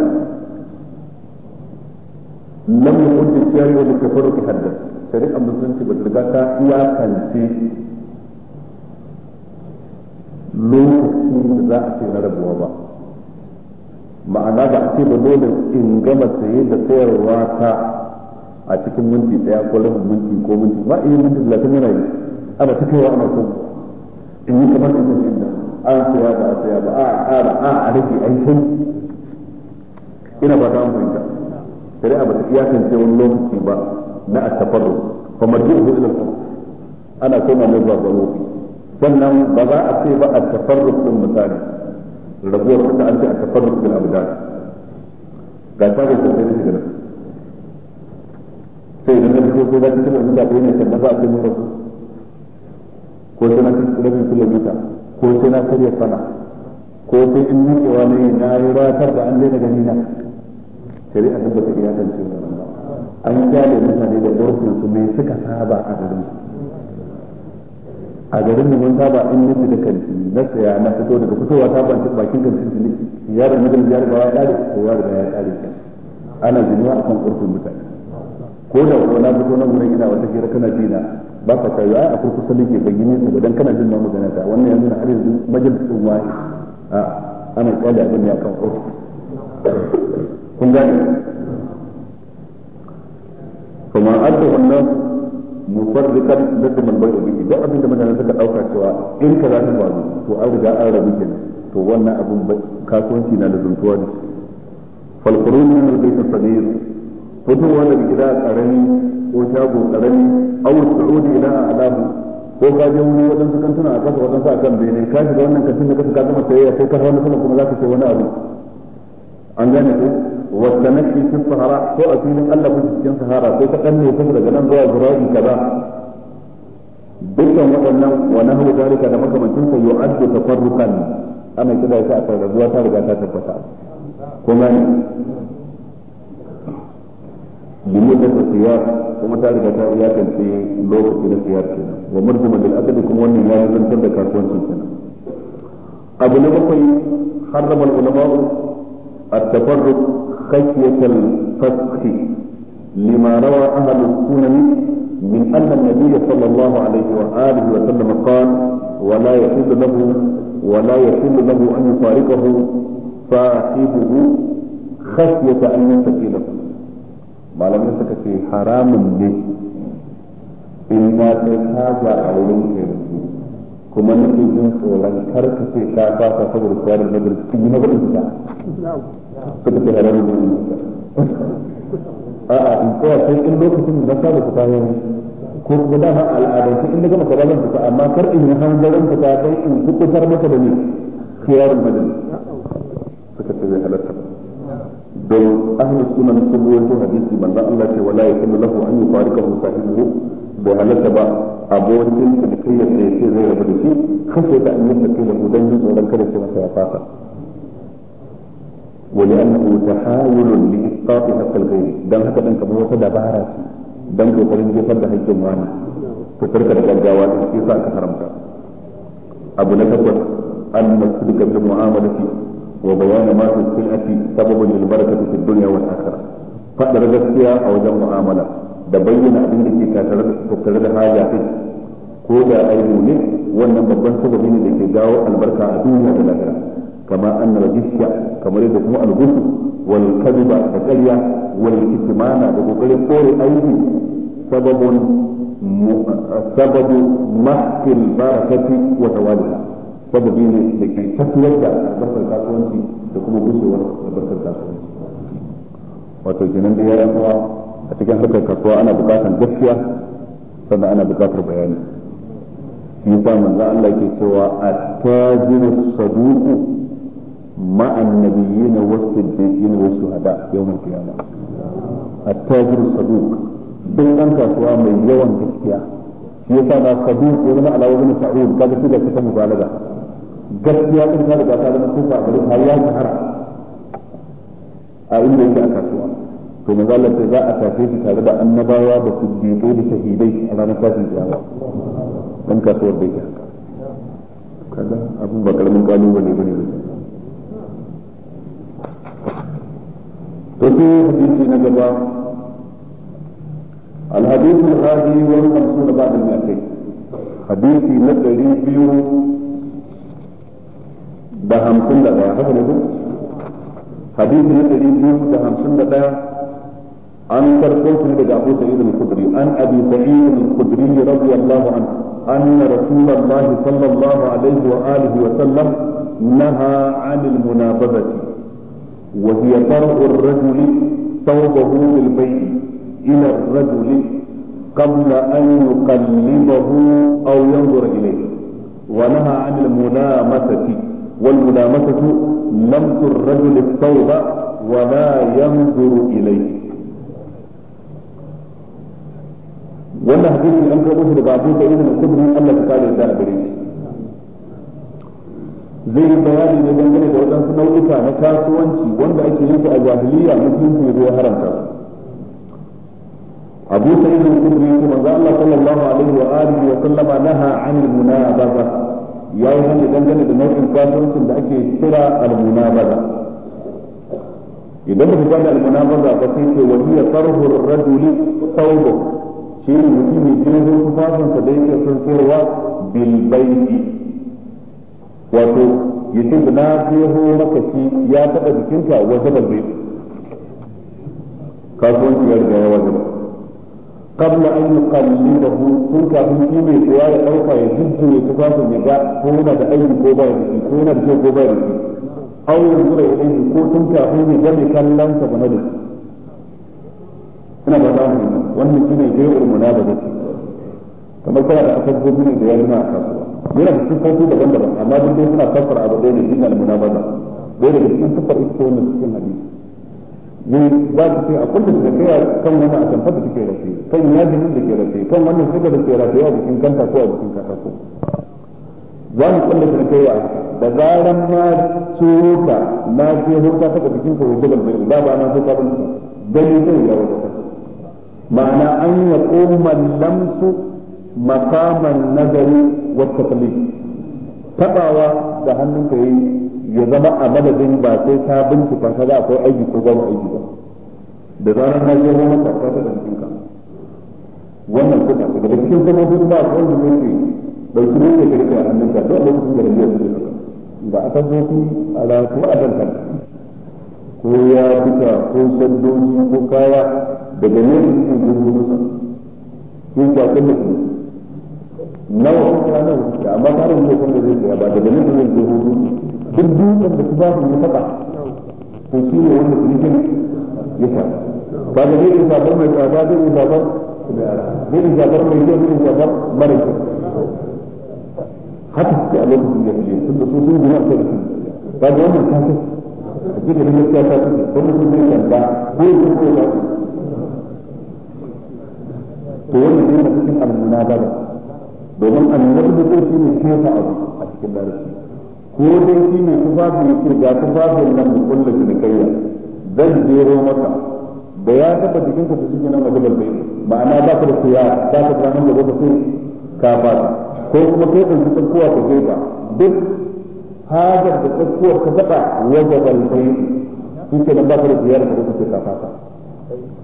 S1: lam yuqad al-shari'u wa al-tafarruq hadda shari'a musulunci ba riga ta iyakance lokacin da za a ce na rabuwa ba ma'ana da ake ba dole in gama saye da sayarwa ta a cikin minti daya ko rabin minti ko minti ba iya minti talatin yana yi ana ta kaiwa ana so in yi kamar da yi da an saya ba a saya ba a ƙara a a rage aikin ina ba ta ta sai a bata kan wani lokaci ba na a tafarro kuma duk ila ana koma mai ba ga lokaci sannan ba za a ce ba a tafarro din misali rabuwar wanda an ce a tafarru bil abdan ga ta da sai da gana sai idan da ko za ta tuna inda ɗaya ne kan ba a ce mun rabu ko sai na kai rabin kilomita ko sai na karya sana ko sai in miƙewa ne na yi ratar da an daina gani na shari'a ta ba ta iya kan cewa an kyale mutane da dorfin su mai suka saba a garin su a garin mu mun saba in nufi da kanti na tsaya na fito daga fitowa ta bakin bakin kanti ne ya da mijin ya riga ya kare ko ya riga ya kare ana zinuwa akan kurkun mutane ko da wani na fito na wurin ina wata hira kana dina ba ka kai ai akwai kusa nake bayyane su ba dan kana jin namu magana ta wannan yanzu na har yanzu majalisun wani a ana kyale abin ya kan kurkun kun gane kuma addu'a nan mufarrikan ladda man da ubi duk abin da mutane suka dauka cewa in kaza ta faru to an riga an rabu kenan to wannan abin kasuwanci na da zuntuwa da shi falqurun min al-bayt al-sadir fitowa daga gida karami ko shago karami aw idan ila a'lahu ko ka je wuri wadansu kantuna a kasa wadansu a kan bene ka shiga wannan kantin da kasa ka gama sayayya sai ka hawo na kuma za ka sai wani abu an gane ko والتمشي في الصحراء هو أكيد ألا في سكين صحراء كيف أنه فكرة جنان رأى زرائي كذا dukkan waɗannan wa nahu zalika da makamancinsa yu'addu tafarruqan ana kira shi a tarzuwa ta riga ta tabbata kuma ne limu da siyar kuma ta riga ta iyakance lokaci na siyar kenan wa murjuma bil aqdi kuma wannan ya zantar da kasuwancin kenan خشية الفسخ لما روى أهل السنن من أن النبي صلى الله عليه وآله وسلم قال ولا يحل له ولا يحل له أن يفارقه صاحبه خشية أن ينتهي له ما لم في حرام لي إن ما تحاجة عليه kuma nake jin tsoron karkace ta fasa saboda tsayar da birki na birki
S2: suka ce haramun ne a'a in kowa
S1: sai in lokacin da saba fita yau ko kuma dama al'adance in na gama kaza zan fita amma kar in yi hanzarin fita sai in kuɓutar masa da ni kiyarun majalis suka ce zai halatta don ahli suna na sabuwar to hadisi manzon Allah ce wala ya yakunu lahu an yufarika hu sahibihi bai halatta ba abokin da kai ya ce zai rabu da shi kace da an yi tafiya da dan yin tsoron kada ce masa ya fasa ولأنه تحايل لإسقاط حق الغير دان هكا دان كبو وتا دبارة دان كو قرين جفر دا حيث موانا كفرك دا جاوات إيسا كحرمتا أبو نكبر أن الصدق في المعاملة وبيان ما في السلعة سبب للبركة في الدنيا والآخرة فقدر جسيا أو جم معاملة دبين bayyana abin da ke tattare da haja kai ko da aibu ne wannan babban sababi ne da ke gawo albarka a duniya da lahira kama anna al kamar yadda kuma al-ghusl wal da ƙarya wal kitmana da kokarin kore aiki sababun sababu mahkil barakati wa tawaliha sababi da ke tafiyar da albarkar kasuwanci da kuma gushewar albarkar kasuwanci wato kenan da yaran kuma a cikin harkar kasuwa ana bukatar gaskiya sannan ana bukatar bayani shi yasa manzo Allah ke cewa at مع النبيين والصديقين والشهداء يوم القيامة التاجر الصدوق دين أنت أسواء من يوم تكتيا يسعى الصدوق يوم على وزن سعود قد تجد كتاب مبالغة gaskiya din ta riga ta zama kufa a gari har ya shahara a inda yake a kasuwa to manzo Allah za a tafi shi tare da annabawa da siddiqai da shahidai a ranar da ba الحديث الحادي والخمسون بعد المئتين حديث نجري فيه بهم كل ذا حفظه حديث نجري فيه بهم كل عن كرقوس بن جعفر سعيد الخدري عن ابي سعيد الخدري رضي الله عنه ان رسول الله صلى الله عليه واله وسلم نهى عن المنابذه وهي طرح الرجل ثوبه بالبيت إلى الرجل قبل أن يقلبه أو ينظر إليه ونهى عن الملامسة والملامسة لمس الرجل الثوب ولا ينظر إليه wannan hadisi an karɓo shi daga Abu Sa'id al-Khudri Allah ta kare da zai yi bayani ne dangane da waɗansu nau'uka na kasuwanci wanda ake yin su a jahiliya musulunci ya ya haramta abu sa'id al-khudri ya ce manzo Allah sallallahu alaihi wa alihi wa sallama naha 'anil munabaza ya yi dangane da nau'in kasuwancin da ake kira al-munabaza idan mutum kana al-munabaza ba sai ce wa hiya sarhu rajuli thawbu shi ne mutum ne jirgin tufafinsa da yake sun sayarwa bil wato yusuf na taho maka shi ya taɓa jikinka wata da zai kasuwanci ya riga ya wajen kabla an yi kalli da hu sun kafin shi mai tsaya ya ɗauka ya jinsu ne ta fasa ya ga ko yana da aiki ko ba da shi ko yana da ko ba da shi auren zura ya aiki ko sun kafin ne ga mai kallon ta ba na da shi ina ba ta hannu wannan shi ne ya yi urmuna da zaki kamar kana da aka zo da ya nuna a kasuwa yana da siffofi daban-daban amma duk dai suna a abu ɗaya ne ina da ɗaya daga cikin siffar ita wannan cikin hadisi ne ba su ce a kunta da kai kan wannan atamfar da take rafe kan nan da ke rafe kan wannan sigar da ke rafe a cikin kanta ko a jikin ko za mu kulle da kai da zaran na tsoka na je hulka ta ga cikin kawai jabal bai ba ba na so ka bin gani zai ya wata ma'ana an ya qumma lamsu makaman nazari wa taqlid tabawa da hannunka yayi ya zama a madadin ba sai ka bincika ka za akwai aiki ko babu aiki ba da zarar na yi wani fara ta dantinka wannan kuma daga cikin zama duk ba ko wanda yake dauki ne ke karfe a hannunka duk lokacin da rabiya su ba a tabbo ku ala ko a danta ko ya fita ko sandoni ko kaya daga ne ne ne ne
S2: ne sun ne ne ne nawa ka kira
S1: nawa ka kira amma ba rubuta kan da zai kira ba daga nan zai je hudu duk dukkan da su yi faɗa
S2: to shi ne wanda cikin ya shafa ba da zai shafa mai tsada zai shafa zai shafa mai kyau zai shafa mara kyau
S1: haka suke a lokacin da ke sun da su sun gina kai ba da wannan kafin a cikin da gaskiya ta suke wani sun zai shafa ko yi ko ba to wannan yana cikin almuna ba da domin annabi da shi ne kefa abu a cikin larabci ko dai shi ne tufafi ya ce ga tufafin nan mu kulla cinikayya zan jero maka da ya taba jikinka shi ne nan magabar bai ma'ana ba ka da kuya ba ka da ranar da ka sai ka ba ko kuma kai ɗan su tsakuwa ka kai ba duk hajar da tsakuwar ka taɓa wajabar bai shi ke nan ba ka da kuya da ka sai ka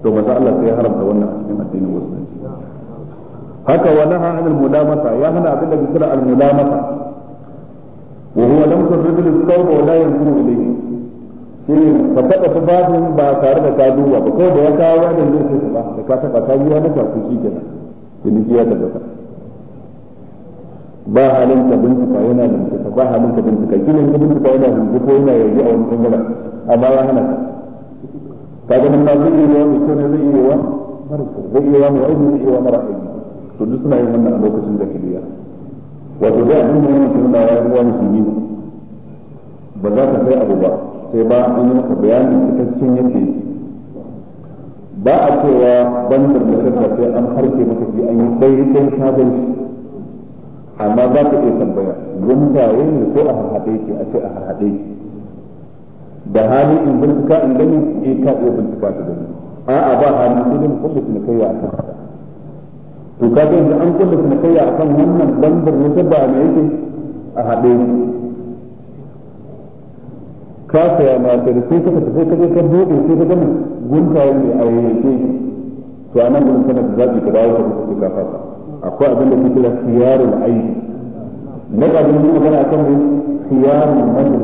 S1: to maza Allah sai ya haramta wannan a cikin addinin musulmi haka wa naha anil mudamasa ya hana abin da kira al mudamasa wa huwa lam turrid al thawb wa la yanzuru ilayhi shine ka taba tufafin ba tare da ka duba ba kawai da ya kawo da zai sai ba da ka taba ta yi wani kafu shi kenan ni ya tabbata ba halin ka bincika yana da bincika ba halin ka bincika kina ka bincika yana da bincika yana yayi a wani bangaren amma ya hana ka ga nan ma zai yi wa mai kyau ne zai yi wa mara zai yi wa mai aiki zai yi wa mara aiki to duk suna yin wannan a lokacin biya wato da abin da wannan kuma ya yi wa musulmi ba za ka sai abu ba sai ba an yi maka bayanin cikakken yake ba a cewa bandar da kanka sai an harke maka shi an yi dai-dai sabon shi amma za ka iya tambaya gundaye ne ko a harhaɗe shi a ce a harhaɗe shi da hali in bincika in gani eh ka iya bincika ta gani a'a ba hali sai dai mu kulle ne kai ya ta to ka ga an kulle a akan wannan bandar wata ba me yake a haɗe ka saya ma ta sai ka tafi je ka bude sai ka ga gunta ne a yake to anan gurin kana da zabi ka dawo ka rubuta ka fasa akwai abin da kike da khiyarul aini na ga mun magana akan mu khiyarul ayi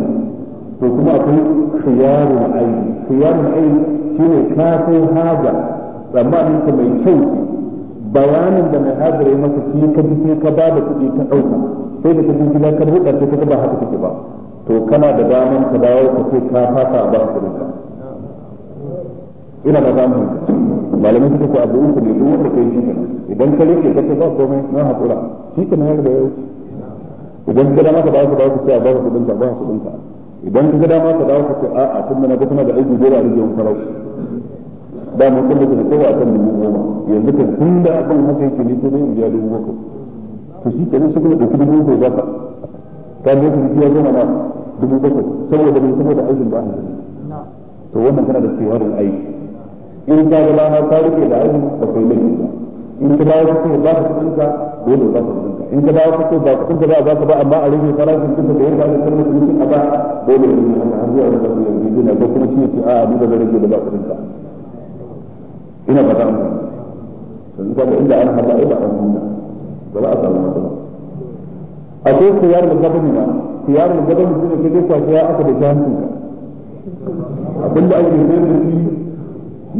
S1: to kuma akwai khiyarul aini khiyarul ayi shine ka sai haja tsammanin ka mai kyau bayanin da mai hadar ya masa shi ka bi sai ka ba da kuɗi ka ɗauka sai da kuɗi gida ka buɗa sai ka ba haka take ba to kana da daman ka dawo ka ce ka fata a ba ka kuɗin ka ina ba za mu malamai suka ce abu uku ne duk wanda kai shi ne idan ka rike ka ce ba komai na haƙura shi ka na yarda ya wuce idan ka dama ka dawo ka dawo ka ce a ba ka kuɗin ka ba ka kuɗin ka idan ka dama ka dawo ka ce a'a tun da na ga kuma da aiki dole a rage farau. da mun kulle da kowa akan dubu goma yanzu kan tun da abin haka yake ne sai in ji dubu goma to shi kenan shi kuma da dubu goma za ka ka ne kuma ya zama na dubu goma saboda mun kuma da aikin da an to wannan kana da tsiwarin aiki in ka ga lana ka rike da aiki ba kai ne in ka dawo kace ba ka tsinka dole ba ka tsinka in ka dawo kace ba ka tsinka ba ka ba amma a rike farashin kinka da yadda aka sanar da mutum a ba dole ne har zuwa da ka yi da kuma shi ce a duba da rike da ba ka tsinka ina fata an yanzu kaga inda an haɗa ina ba an nuna ba za a samu matsala akwai kiyar da gadani ku kiyar da gadani shine da dai kwashi ya aka da shahancin
S2: ka abin da
S1: ake sayar da shi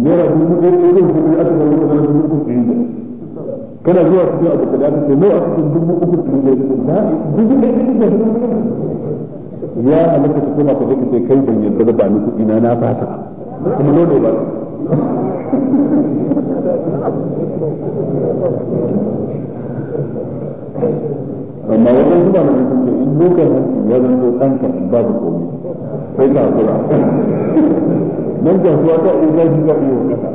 S1: naira dubu ɗaya ɗaya zai kuɗi aka zama da dubu uku ɗaya da kana zuwa cikin abu ka dace ce nawa cikin dubu uku cikin da ya
S2: da ya
S1: halatta ka koma ta ka kai ban yarda da ba ni kuɗi na na fata kuma ba
S2: amma wajen zuba na
S1: mutum ke in dokar hanci ya zanto ɗanka babu komi sai ka kura nan kasuwa ta iya zafi ka iya kasa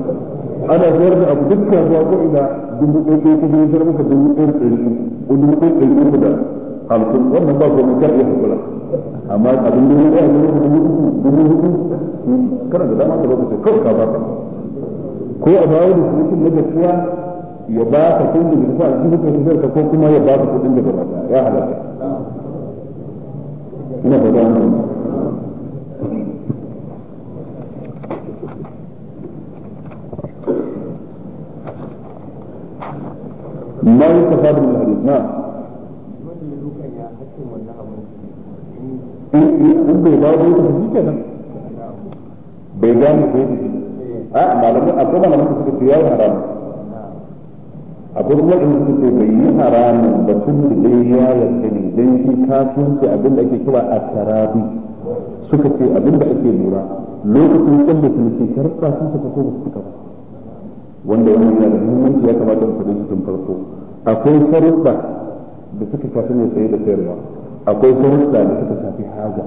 S1: ana sayar da abu duk kasuwa ko ina dubu ɗaya ko kuma ya maka dubu ɗaya ko dubu ɗaya ɗari ko da halkun wannan ba komai kar ya hakura amma abin da ya yi da dubu uku dubu hudu dama ka lokaci kawai ka baka ko a bawo da sulukin na gaskiya ya ba ka kudin da ba shi hukun da ka ko kuma ya ba ka kudin da ba ya halatta ina ba da
S2: ما يستفاد من الحديث نعم in bai dawo bai tafi shikenan
S1: bai gane bai tafi a malamin akwai malamin da suka ce yayi haram akwai kuma in suka ce bai yi haramun ba tun da dai ya yarda ne dan shi kasuwanci abin da ake kira asarabi suka ce abin da ake lura lokacin tsalle su ne sharuɗa sun suka ko su cika
S2: wanda wannan yana da
S1: muhimmanci ya kamata mu faɗi shi tun farko akwai sharuɗa da suka shafi ne saye da
S2: sayarwa akwai sharuɗa da suka shafi haja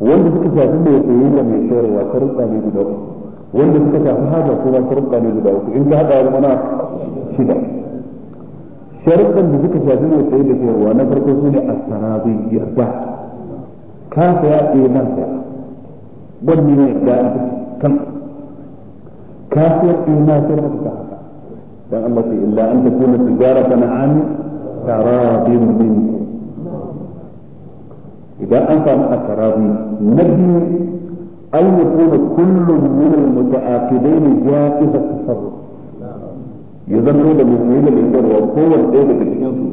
S1: wanda suka shafi mai tsaye da mai shayarwa sharuɗa ne guda uku wanda suka shafi haja ko ba sharuɗa ne guda uku in ka haɗa ya mana shida sharuɗan da suka shafi mai tsaye da shayarwa na farko su ne a asarabi yarda ka saya ɗaya na saya wannan ne yarda ta kan ka saya ɗaya na saya maka ta haka dan Allah sai illa an ta kuma tijara kana an tarabin minku idan an samu a tarabi na biyu an yi kuma kullum min ne ya ja'iz at-tasarruf ya zanto da mutane da mai kowanne ɗaya daga cikinsu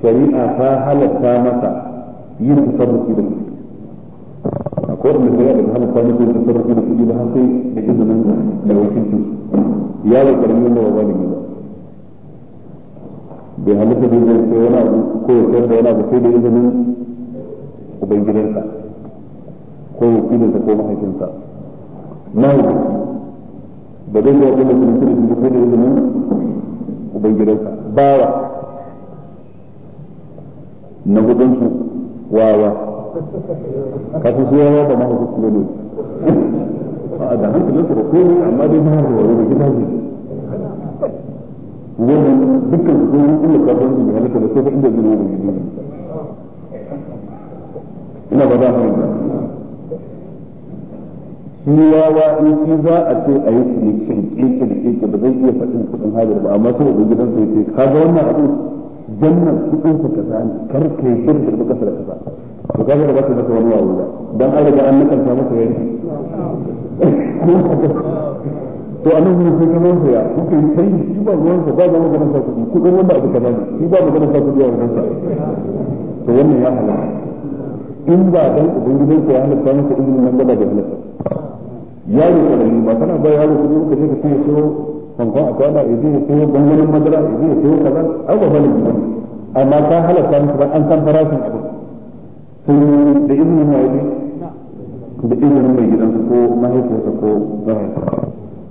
S1: shari'a ta halatta masa yin tasarrufi da kuɗi akwai da shari'a daga halatta masa yin tasarrufi da kuɗi ba sai da izinin da wakilcin su ya ba karmi ba ba ne ba bai halitta da zai ce wani abu ko ya da sai da izinin ubangidansa ko wakilinsa ko mahaifinsa na ba zai zuwa da kuma da kuma sai da izinin ubangidansa bawa na hudunsu wawa
S2: kafin su yawa ba
S1: mahaifin su ne a da hankalin su ba komai amma dai ba wa wani da gida ne wannan dukkan su sun yi illa kafin su ne halittar da sai ta inda wani ubangidinsa ina ba za mu shi ya wa in shi za a ce a yi cinikin keke keke ba zai iya faɗin kuɗin hajar ba amma saboda gidan sai ce ka ga wannan abu jannan kuɗin sa kaza ne kar ka yi da kasa da kasa to ka ga ba ka masa wani wawo ba dan an riga an nakanta masa yayi to a nan sai ka masa ya kuka yi shi ba ruwan sa ba za mu sa kuɗi kuɗin wanda abu kaza ne shi ba mu sa kuɗi a wurin sa
S2: to wannan ya halala.
S1: in ba dan ubangijin ya halatta maka izinin nan gaba da halatta da karami ba kana ba yaro kudi ka je ka sai so kankan a kwana ya je ya sayo ganganin madara ya ya sayo kaza ai ba bane ba amma ka halatta maka an san farashin abu sai da izinin mai da izinin mai gidansa ko mahaifiyarsa ko mahaifiyarsa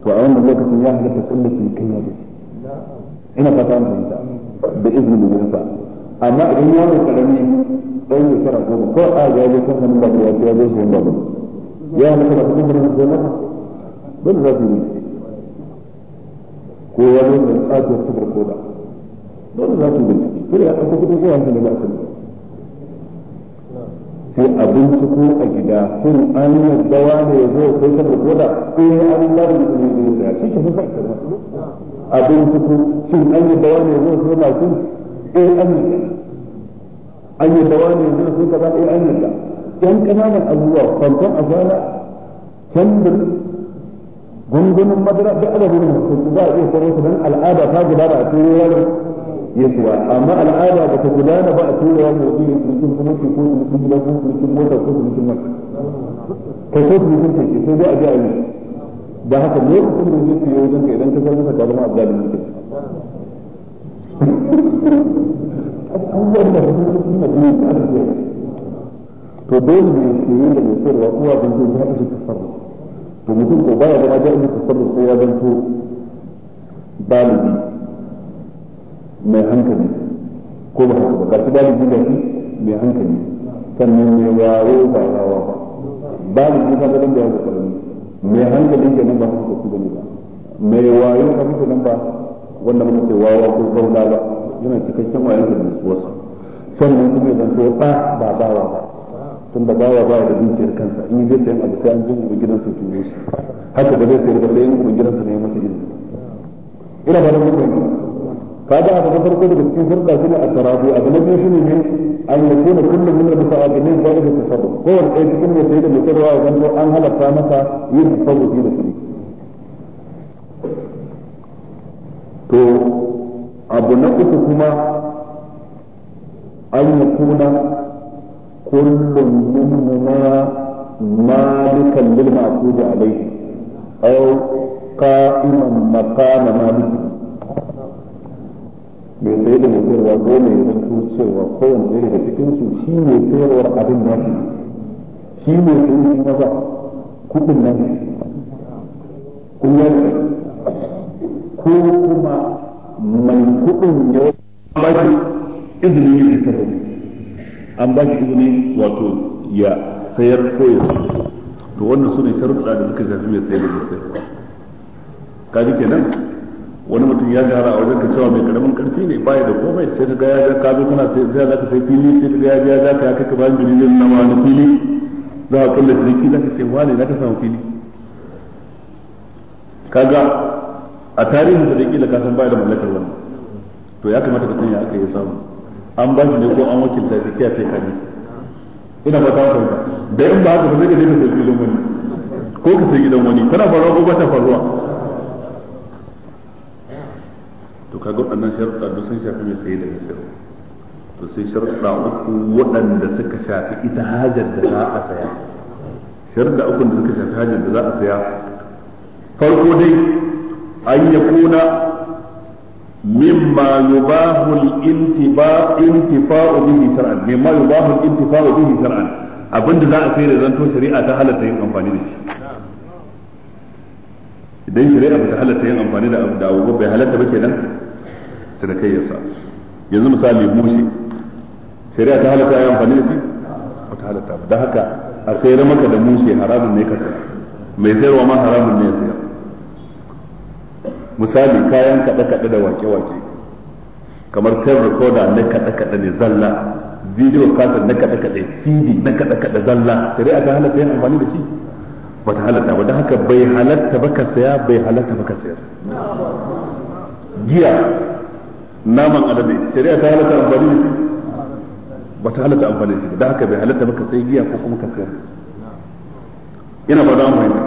S1: to a wannan lokacin ya halatta kullum kai ya ina fata mun fahimta da izinin gidansa amma idan ya mai karami ɗan shekara goma ko a ga ya kan hannun babu ya ya zo shi yin babu ya hana kuma cikin birnin sai maka dole za su yi ko ya zo da tsakiyar sufar koda dole za su yi bincike dole ya ɗauka kuɗin ko hankali ba a sani sai abinci ko a gida shin an yi dawa ne ya zo kai sufar koda ko eh, ya an ba da ya ne da ya shi shi sun sa a binciko shin an yi dawa ne ya zo kai masu eh an yarda an yarda wani yanzu na sun kaza eh an yarda yan kananan abubuwa kwanton azala kendir gungunin madara duk ana gudun hukunci za a iya sanar su don al'ada ta gudana a cikin yaron yesuwa amma al'ada ba ta gudana ba a cikin yaron yanzu ne cikin kuma ce ko cikin gida ko cikin mota ko cikin mota kai ko cikin keke sai zai a ji a yi da haka lokacin da zai fiye wajen ka idan ka san masa kalma a zalimi
S2: abubuwan da su
S1: da to dole ne shi ne da mai sayarwa kowa da zai ji haɗin tasarruf to mutum ko baya zama da ilimin tasarruf ya zanto balibi mai hankali ko ba haka ba ga shi balibi da shi mai hankali sannan mai wayo ba rawa ba balibi ka ga da ya ga mai hankali kenan ba haka su gani ba mai wayo ka ga nan ba wanda muka ce wawa ko zauna ba yana cikakken wayan da nutsuwarsa sannan kuma idan to ba ba ba ba tun da bawa ba da dukiyar kansa in zai sayan abu sai an jin gidan su ki shi haka da zai da ba sai gidan su ne ya masa izini ina ba da yi kaga abu na farko daga cikin hulɗa ne a tarafi abu na biyu shine ne an kuma kullum min al ganin ba da tasarruf kowanne ɗaya cikin mai sayar da mai sayarwa ya zanto an halatta masa yin tasarrufi da shi to abu na uku kuma an yi kuna kullum mummuna malikan lil da alai au ka'iman maqama maliki me sai da mutum wa dole ya zanto cewa kowane ɗaya daga cikin su shi ne sayarwar abin da shi ne sun yi maza kuɗin nan kuma ko kuma mai kuɗin ya ba shi izinin yin tasarrufi an ba shi izinin wato ya sayar ko ya to wannan su ne sharuɗa da suka shafi mai sayar da sayarwa kaji kenan wani mutum ya shahara a wajen ka cewa mai karamin karfi ne baya da komai sai ka ga ya ka zo kana sai sai zaka sai fili sai ka ga ya za ka ya kai bayan gari zai na wani fili za ka kulle ciniki za ka ce wani na ka samu fili kaga a tarihin da dai kila kasan baya da mallakar wannan to ya kamata ka sanya aka yi samu an ba shi ne ko an wakilta shi kiyaye kai kare ina ba ta ba. da in ba haka ba zai ga dai ka filin wani
S2: ko ka sai gidan wani tana faruwa ko ba ta faruwa
S1: to kaga waɗannan sharuɗa duk sun shafi mai sai da sai to sai sharuɗa uku waɗanda suka shafi ita hajar da za a saya sharuɗa uku da suka shafi hajar da za a saya farko dai أن يكون مما يباه الانتفاء انتفاء به شرعا مما يباه الانتفاء به شرعا أبن جزاء خير إذا أنتم شريعة تحلى تهين أمفاني ليش إذا شريعة تحلى تهين أمفاني لأم دعوه ربي هل تبكي لن سنكي يسا يزم سالي موشي شريعة تحلى تهين أمفاني ليش وتحلى تهين دهك أخير مكة موشي حرام نيكة ميزير وما حرام نيكة misali kayan kaɗe-kaɗe da wake-wake kamar tape recorder na kaɗe-kaɗe ne zalla video cassette na kaɗe-kaɗe cd na kaɗe-kaɗe zalla sai aka halatta yin amfani da shi ba ta halatta ba don haka bai halatta ba ka saya bai halatta ba ka sayar
S2: giya naman alade shari'a ta halatta amfani da shi
S1: ba ta halatta amfani da shi don haka bai halatta ba ka sai giya ko kuma ka sayar ina ba za mu fahimta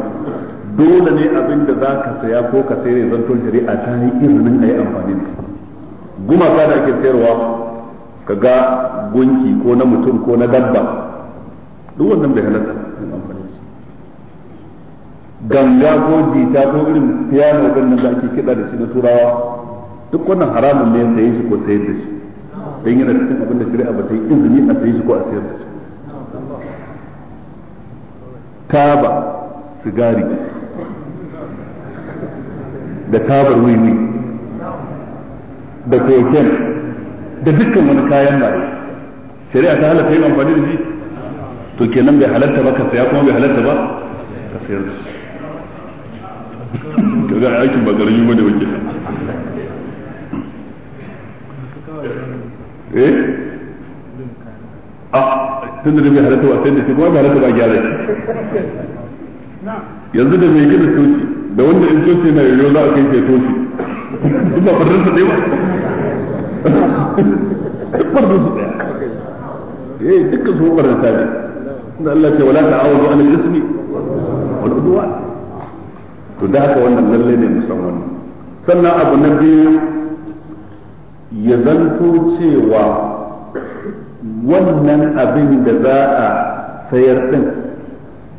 S1: dole ne abin da za ka saya ko ka sayar ya zanto shari'a ta yi izinin a yi amfani da shi gumaka da ake sayarwa ka ga gunki ko na mutum ko na dabba duk wannan bai halatta ganga ko jita ko irin piano ɗin nan da ake kiɗa da shi na turawa duk wannan haramun ne saye shi ko sayar da shi don yana cikin abin da shari'a ba ta yi izini a saye shi ko a sayar da shi taba sigari da tabar wiwi da koken da dukkan wani kayan maye shari'a ta halatta yin amfani da shi
S2: to kenan bai halatta ba ka saya kuma bai halatta ba ka sayar da shi ka kaga aikin ba garin yi bane wake eh a tun da bai halatta ba sai da shi kuma bai halatta ba gyara shi
S1: yanzu da mai gina sauki da wanda in toshi na yoyo za a kai ke toshi
S2: duk ba fardar sa ɗaya ba duk fardar su ɗaya eh dukkan su fardar ta ne da Allah ce wala ta'awudu alal ismi wal udwan
S1: to da haka wannan lalle ne musamman sannan abu na biyu ya zanto cewa wannan abin da za a sayar din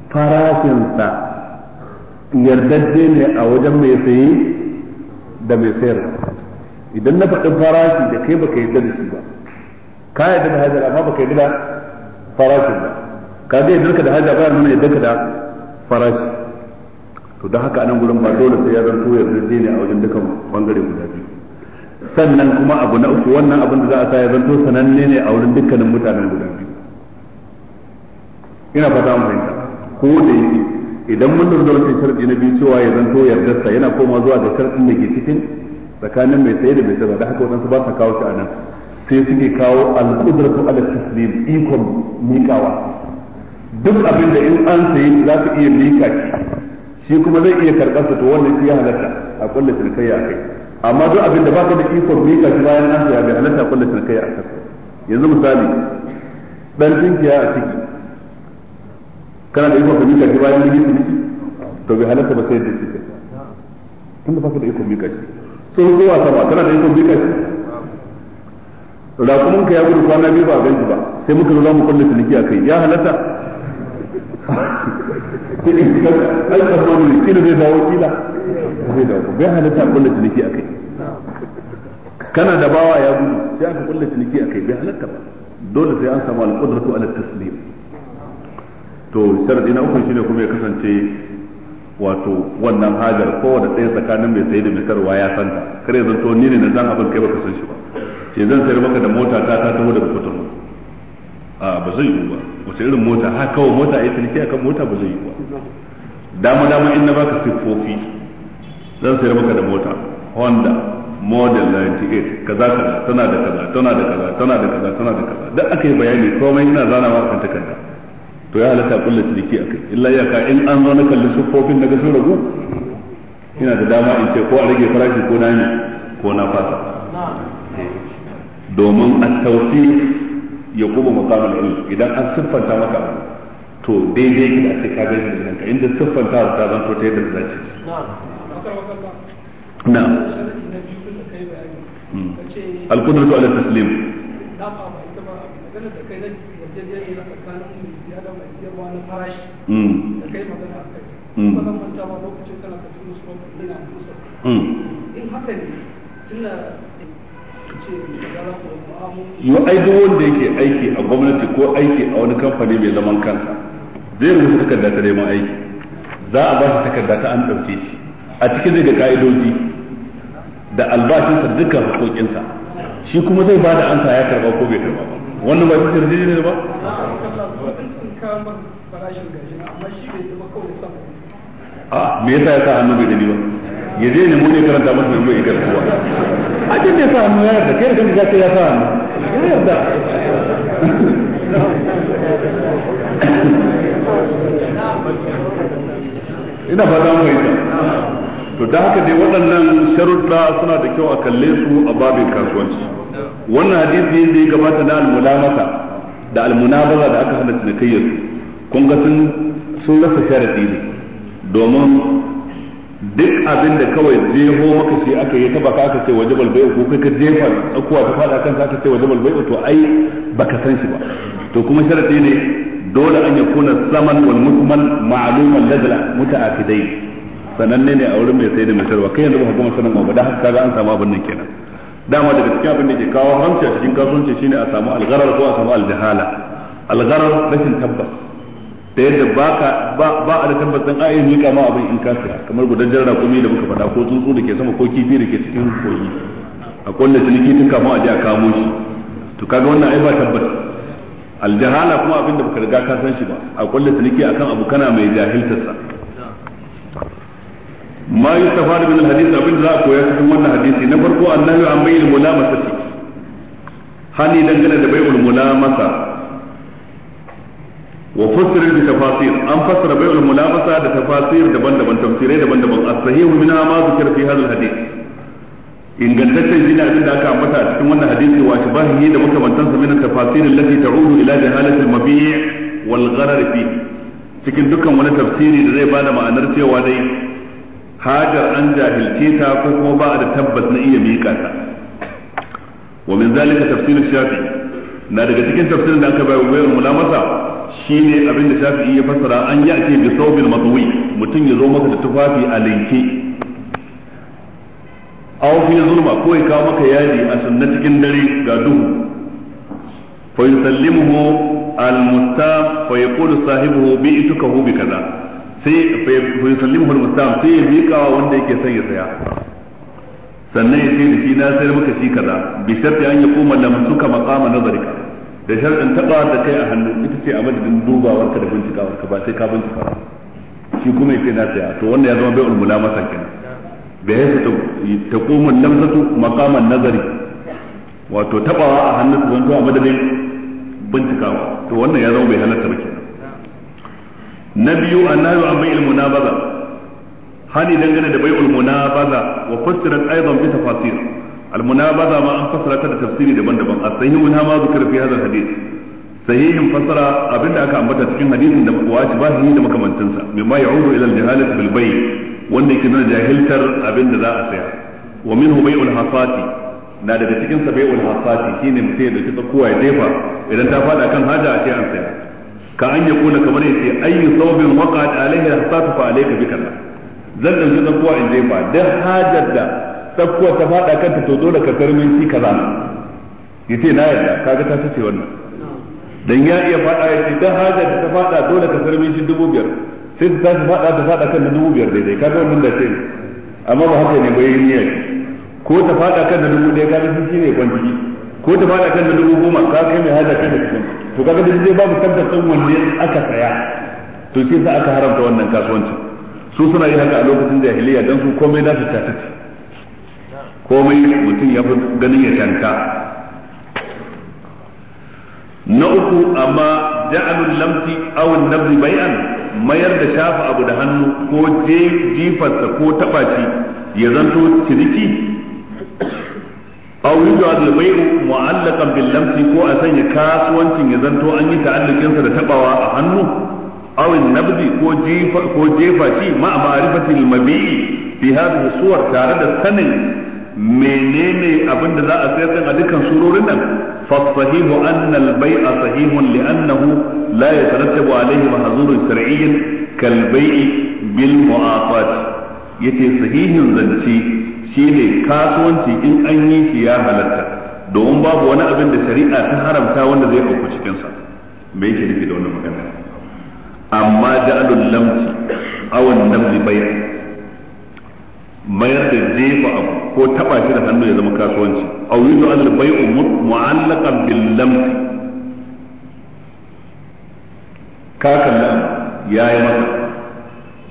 S1: farashinsa yardajje ne a wajen mai saye da mai sayar idan na faɗi farashi da kai baka yi da shi ba ka yarda da hajar amma baka yi da farashin ba ka zai yarda da hajar ba nuna yadda da farashi to don haka anan gudun ba dole sai ya yadda yardaje ne a wajen dukan bangare guda biyu sannan kuma abu na uku wannan abin da za a sa ya sananne ne a wurin dukkanin mutanen guda biyu ina fata mu fahimta ko da yake idan mun lura da wancan sharadi na biyu cewa ya zanto yardarsa yana koma zuwa ga sharadin da ke cikin tsakanin mai tsaye da mai tsaye da haka wadansu ba sa kawo shi a nan sai suke kawo al-qudratu ala taslim ikon mikawa duk abin da in an sayi za su iya mika shi shi kuma zai iya karɓar sa to wannan shi ya halatta a kullu tilkayya kai amma duk abin da baka da ikon mika shi bayan an saya bai halatta a kullu tilkayya kai yanzu misali dan tinkiya a ciki kana da ikon mika shi bayan miki su miki to bai halatta ba sai da shi kai tun da baka da ikon mika shi sun zuwa sama kana da ikon mika shi rakumin ka ya gudu kwana biyu ba a ganshi ba sai muka zo za mu kulle ciniki a kai ya halatta
S2: [LAUGHS] ai ne kila zai dawo kila zai bai halatta kulle ciniki a kai
S1: kana da bawa ya gudu sai aka kulle ciniki a kai bai halatta ba dole sai an samu al-qudratu ala taslim to sharadi na uku shine kuma ya kasance wato wannan hajar da ɗaya tsakanin mai sayi da mai sarwa ya santa kar ya to ni ne na zan abin kai baka san shi ba ce zan sayar maka da mota ta ta taho daga kotun. a ba zai yiwu ba wace irin mota ha kawai mota a yi a akan mota ba zai yiwu ba dama dama in na baka siffofi zan sayar maka da mota honda model 98 kaza kaza tana da kaza tana da kaza tana da kaza tana da kaza Dan aka yi bayani komai ina zanawa kan takarda to ya halatta kullu ciniki akai illa ya ka in an zo na kalli sufofin daga sun ragu ina da dama in ce ko a rage farashi ko na ne ko na fasa domin at-tawsil ya kuma maqamul ilm idan an siffanta maka to daidai ki da sai ka gani da ka, inda siffanta ta zanto ta yadda za ci
S2: na al-qudratu ala taslim da ba ita ba da kai yi da ai duk wanda yake aiki a gwamnati ko aiki a
S1: wani kamfani mai zaman kansa zai rubuta takarda ta neman aiki za a ba shi takarda ta an ɗauke shi a cikin zai ga ka'idoji da albashinsa dukkan haƙoƙinsa shi kuma zai ba da ansa ya karɓa ko bai karɓa ba wannan ba ita jini ne ba
S2: a me yasa ya sa hannu bai dani ba ya je ne mu ne karanta masa mai mai karanta a jin ne ya sa hannu ya yarda kai da kai ka ce ya sa hannu ya yarda ina ba za mu yi to da haka dai waɗannan sharuɗa suna da kyau a kalle su a babin kasuwanci wannan hadisi da ya gabata na almulamata
S1: da almunabaza da aka hana cinikayyar su kun ga sun sun rasa sharadi ne domin duk abin da kawai jeho maka shi aka yi baka aka ce waje bai ko kai ka jefa tsakuwa ta fada kansa aka ce waje bai to ai baka san shi ba to kuma sharadi ne dole an ya kuna zaman wal musman ma'luman ladala muta'aqidai sananne ne a wurin mai sai da mai kai yanzu ba kuma sanan sanin ba da haka an samu abin nan kenan dama daga cikin abin da ke kawo haramci a cikin kasuwanci shine a samu algarar ko a samu aljahala algarar rashin tabbas da yadda ba ka ba a da tabbas dan ayi mika ma abin in ka saya kamar gudan jarra kuma da muka faɗa ko tsuntsu da ke sama ko kifi da ke cikin koyi a kullu ciniki tun kama a je a kamo shi to kaga wannan ai ba tabbas aljahala kuma abin da baka riga ka san shi ba a kullu ciniki akan abu kana mai jahiltarsa ma yustafadu min alhadith abin za a koya cikin wannan hadisi na farko annabi an bayyana mulamasati hani dangane da bai'ul mulamasa wa fassara bi an fassara bai'ul mulamasa da tafasir daban-daban tafsirai daban-daban as-sahihu minha ma zikr fi hadha al-hadith ingantaccen jina aka ambata a cikin wannan hadisi wa shabahihi da min ila jahalati al-mabi' wal cikin dukkan wani tafsiri da zai bada ma'anar cewa dai hajar an jahilce ta ko kuma ba a da tabbas na iya miƙa ta wa min zalika tafsirin shafi na daga cikin tafsirin da aka bayar wayar mulamasa shine abin da shafi iya fassara an yi ce bi thawbil mutum ya zo maka da tufafi a linke aw fi zulma ko ya kawo maka yadi a sunna cikin dare ga duhu fa yusallimuhu al-mustab fa yaqulu sahibuhu bi'tukahu bi kaza sai fa yusallimuhu al-musta'an sai ya miƙa wa wanda yake son ya saya sannan ya ce da shi na sayar maka shi kaza bi sharti an yaquma suka maqama nazarika da shartin taba da kai a hannu ita ce a madadin ka da bincikawar ka ba sai ka bincika ba shi kuma ce na saya to wannan ya zama bai ulmula masa kenan bi ta taqumu lamsatu maqama nazari wato tabawa a hannu ta zanto a madadin bincikawa to wannan ya zama bai halatta ba na biyu annabi an bai'ul munabaza hani dangane da bai'ul munabaza wa fassirat aidan bi tafasir al munabaza ma an fassara ta da tafsiri daban-daban a sahihu na ma zikr fi hadha hadith sahihin fassara abinda aka ambata cikin hadisin da washi ba shi da makamantansa mimma ya'udu ila al-jahalati bil bay' wanda yake nuna jahiltar abinda za a saya wa minhu bai'ul hasati na daga cikin sa bai'ul hasati shine mutum da dauki tsakuwa ya jefa idan ta fada kan haja a ce an saya ka an ya kuna kamar yace ayyu thawbin waqa'at alayhi hasatu fa alayka bi kalla. zan dauki tsakuwa in jefa dan hajar da tsakuwa ta fada kanta to dole ka karmin shi kaza yace na yarda kaga ta sace wannan dan ya iya fada yace dan hajar da ta fada dole ka karmin shi dubu biyar sai ta tashi fada ta fada kanta dubu biyar daidai kaga wannan da ce amma ba haka ne ba yin niyyar ko ta fada kanta dubu ɗaya kaga shi ne kwanciki ko ta fada kanta dubu goma ka kai mai hajar kan da cikin to kaga da zai babu tabbacin wanne aka saya to shi yasa aka haramta wannan kasuwanci. su suna yi haka a lokacin jahiliya dan su komai su ta ci komai mutum ya fi ganin ya tanka na uku amma ja'alul lamsi aw an-nabri bayan mayar da shafa abu da hannu ko je jifarsa ko taba ya zanto ciniki أو يجعل البيع معلقا باللمس كو أسن يكاس وانشن يزنتو أن يتعلق ينسى لتقوى أحنه أو النبض كو جيفا كو جيفا شي مع معرفة المبيع في هذه الصور تارد السنن منيني أبند ذا أسيسن أدكا سرور فالصحيح أن البيع صحيح لأنه لا يترتب عليه محظور شرعي كالبيع بالمعاطاة يتي صحيح زنشيه Shi ne kasuwanci in an yi shi ya halatta domin babu wani abin da shari'a ta haramta wanda zai auku cikinsa, mai me yake nufi da wannan magana amma ja'alul lamti awan namli bayan mayar da jefa abu ko taba shi da hannu ya zama kasuwanci aw yuzu al bai'u mu'allaqan bil lamti ka kalla yayi maka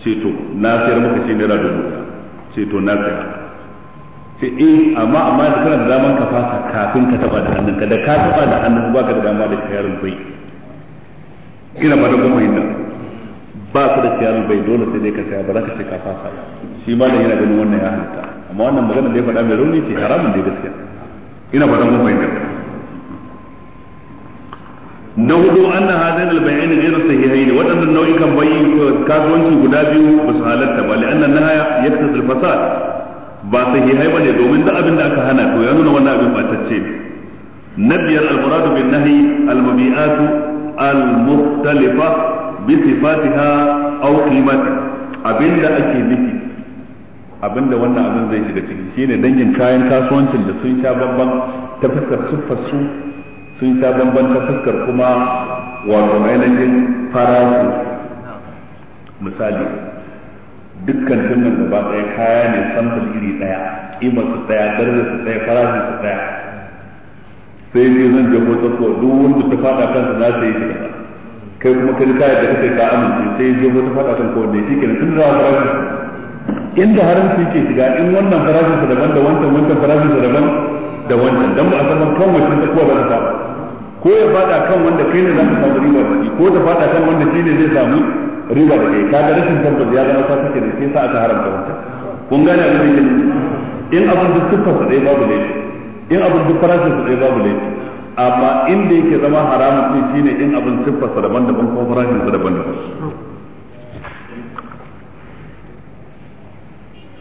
S1: ce to na sayar maka shi naira dubu ce to na sayar ce eh amma amma da kana da ka fasa kafin ka taba da hannunka da ka taba da hannun ba ka da dama da shayarun bai ina ba da goma yin ba su da shayarun bai dole sai dai ka saya ba za ka ce ka fasa shi ma da yana ganin wannan ya halitta amma wannan magana da ya faɗa mai rauni ce haramun da ya gaskiya ina ba da goma yin na hudu an na hadain albayin sahi haini waɗannan nau'ikan bayi kasuwanci guda biyu ba su halatta ba na nahaya yaktasil fasad ba sahihai ne domin da abin da aka hana to ya nuna wannan abin batacce ne na biyar al bin nahi al-mabi'atu al bi sifatiha aw qimati abinda ake nufi abinda wannan abin zai shiga ciki shine dangin kayan kasuwancin da sun sha bamban ta fuskar sun sha bamban ta fuskar kuma wato ainihin farashi misali dukkan tunan gaba ɗaya kaya ne samfur iri daya ima su daya darajar su daya farashin su daya sai ne zan je ko tsakko duk wanda ta fada kansa na sai shi kaza kai kuma kai kaya da kake ka amince sai je ko ta fada kan ko wanda shi kenan tun da farashin inda haramci ke shiga in wannan farashin sa daban da wancan wancan farashin sa daban da wancan dan ba a san kan wancan kowa ba ta ko ya fada kan wanda kai ne za ka samu riba ko ta fada kan wanda shi ne zai samu riba da kai kaga rashin tabbas ya zama ta ke da shi sa aka haramta wancan kun gane abin da in abin duk suka su dai babu laifi in abin duk farashin su dai babu laifi amma inda yake zama haramun din shine in abin siffar su daban-daban ko farashin su daban-daban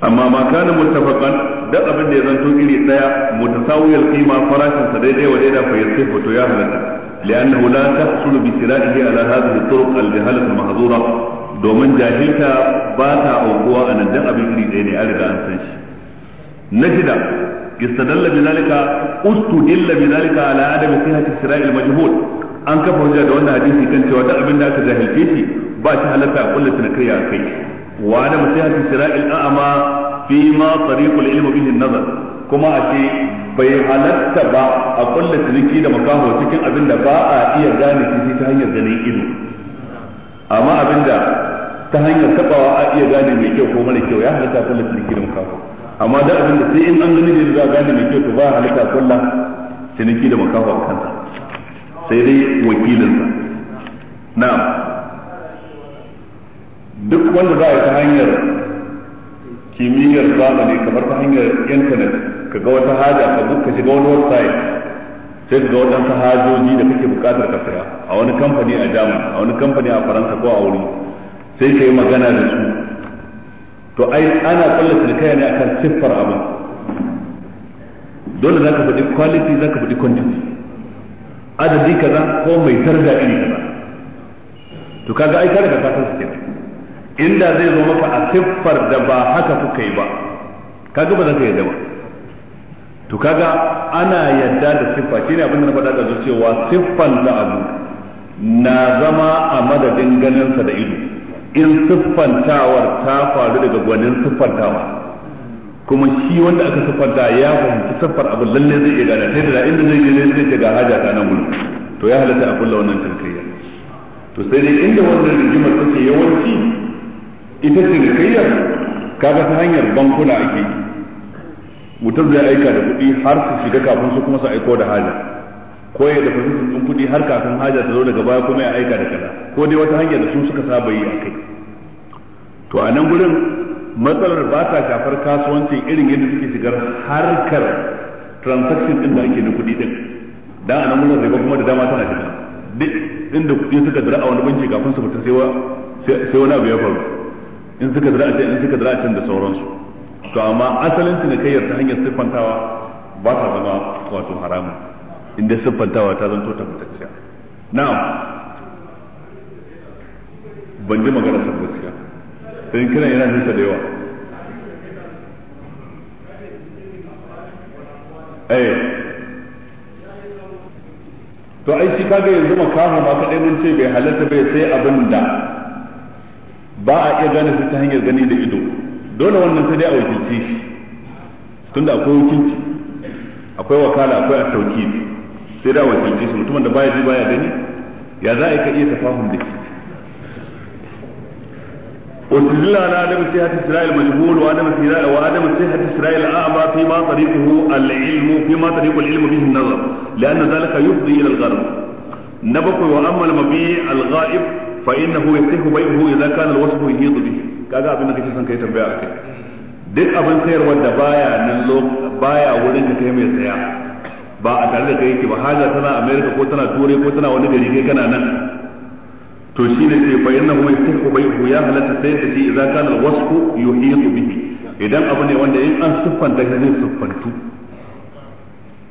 S1: amma ma kana muttafaqan da abin da ya zanto iri daya mutasawiyal qima farashin sa daidai wa daidai fa yasifu to ya halatta لأنه لا تحصل بسرائه على هذه الطرق الجهالة المحظورة domin jahilta ba ta aukuwa a nan dan abin iri ɗaya ne an riga an san shi na shida istadalla bi zalika ustudilla bi zalika ala adami sihhati sira'il majhul an kafa hujja da wannan hadisi kan cewa duk abin da aka jahilce shi ba shi halarta a kullu shi na kai a kai wa adami a'ama fi ma nazar kuma a ce bai halatta ba a kulle ciniki da makaho cikin abin da ba a iya gane shi ta hanyar ganin ido amma abin da ta hanyar tabawa a iya gane mai kyau ko mara kyau ya halatta kulle ciniki da makaho amma da abin da sai in an gani ne za a gane mai kyau to ba halatta kulle ciniki da makaho a kansa sai dai wakilinsa na'am duk wanda za a ta hanyar kimiyyar zamani kamar ta hanyar intanet ka ga wata haja ka ka shiga wani website sai ka ga waɗansu hajoji da kake buƙatar ka saya a wani kamfani a jamus a wani kamfani a faransa ko a wuri sai ka yi magana da su to ai ana da kai ne akan siffar abin dole za ka faɗi quality za ka faɗi quantity adadi kaza ko mai tarda iri kaza to kaga ai ka daga ka san su kenan inda zai zo maka a siffar da ba haka kuka yi ba kaga ba za ka da ba to kaga ana yadda da siffa shi abin da na faɗa da cewa siffan da abu na zama a madadin ganinsa da ido in siffantawar ta faru daga gwanin siffantawa kuma shi wanda aka siffanta ya fahimci siffar abu lalle zai iya gane sai da inda zai gane zai ga haja ta nan gudu to ya halatta a kulla wannan shirkayya to sai dai inda wannan rigimar take yawanci ita shirkayyar kaga ta hanyar bankuna ake yi mutum zai aika da kuɗi har su shiga kafin su kuma su aiko da haja ko ya da fasisin ɗin kuɗi har kafin haja ta zo daga baya kuma ya aika da kaza ko dai wata hanya da su suka saba yi a kai to a nan gurin matsalar ba ta shafar kasuwanci irin yadda suke shigar harkar transaction ɗin da ake na kuɗi ɗin dan a nan gurin riba kuma da dama tana shiga duk inda kuɗi suka dira a wani banki kafin su fita sai wani abu ya faru in suka dira a can in suka dira a can da sauransu to amma asalin cinikayyar ta hanyar siffantawa ba ta zama wato haramun inda siffantawa ta zanto ta mutacciya na'am ban ji magana sa gaskiya sai kiran yana nisa da yawa eh to ai shi kaga yanzu makafa ba dai mun ce bai halatta bai sai abin da ba a iya gane ta hanyar gani da ido dole wannan sai dai a wakilce shi tunda akwai wakilci akwai wakala akwai a tawkil sai da wakilce shi mutumin da baya ji baya gani ya za a ka iya tafahum da shi واستدل على عدم صحة استدعاء المجهول وعدم وعدم صحة استدعاء الأعمى فيما طريقه العلم فيما طريق العلم به النظر لأن ذلك يفضي إلى الغرب نبقى وأما المبيع الغائب fa innahu yasihu bayhu idza kana alwasfu wasfu yahidu bihi kaga abin da kake son kai tambaya akai duk abin sayarwa wanda baya nan baya wurin da kai mai saya ba a tare da kai yake ba haja tana America ko tana Turai ko tana wani gari kai kana nan to shi ne sai fa innahu yasihu bayhu ya halatta sai da shi idza kana alwasfu wasfu yahidu bihi idan abu ne wanda in an siffanta shi zai siffantu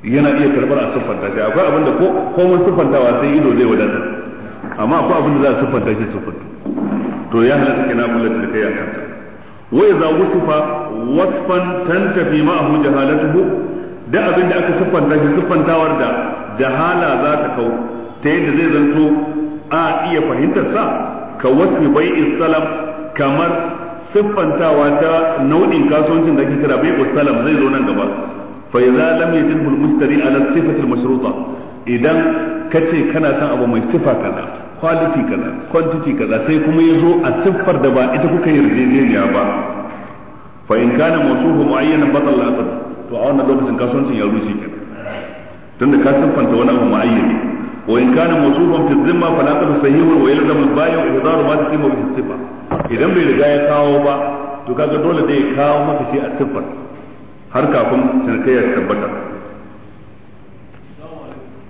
S1: yana iya karbar a siffanta shi akwai abin da ko komai siffantawa sai ido zai wadatar amma akwai abin da za a siffanta shi siffanta to ya halatta kina bullar da kai a kansa wa idza wusifa wasfan tantafi hu jahalatuhu da abin da aka siffanta shi siffantawar da jahala za ta kau ta yadda zai zanto a iya fahimtar sa ka wasfi bai salam kamar siffantawa ta nau'in kasuwancin da ake kira bai salam zai zo nan gaba fa idza lam yajidhu al-mushtari ala sifati al-mashruta idan kace kana son abu mai sifa kaza quality kaza quantity kaza sai kuma ya zo a siffar da ba ita kuka yarjejeniya ba fa in kana mawsuhu mu'ayyanan batal al-aqd to a wannan lokacin kasuwancin ya rushe kenan tunda ka siffanta wani abu mu'ayyani wa in kana mawsuhun fi dhimma la qad sahihu wa yalzamu al-bayu ihdaru ma tasimu bi sifa idan bai riga ya kawo ba to kaga dole dai ya kawo maka shi a siffar har kafin cinikayya tabbata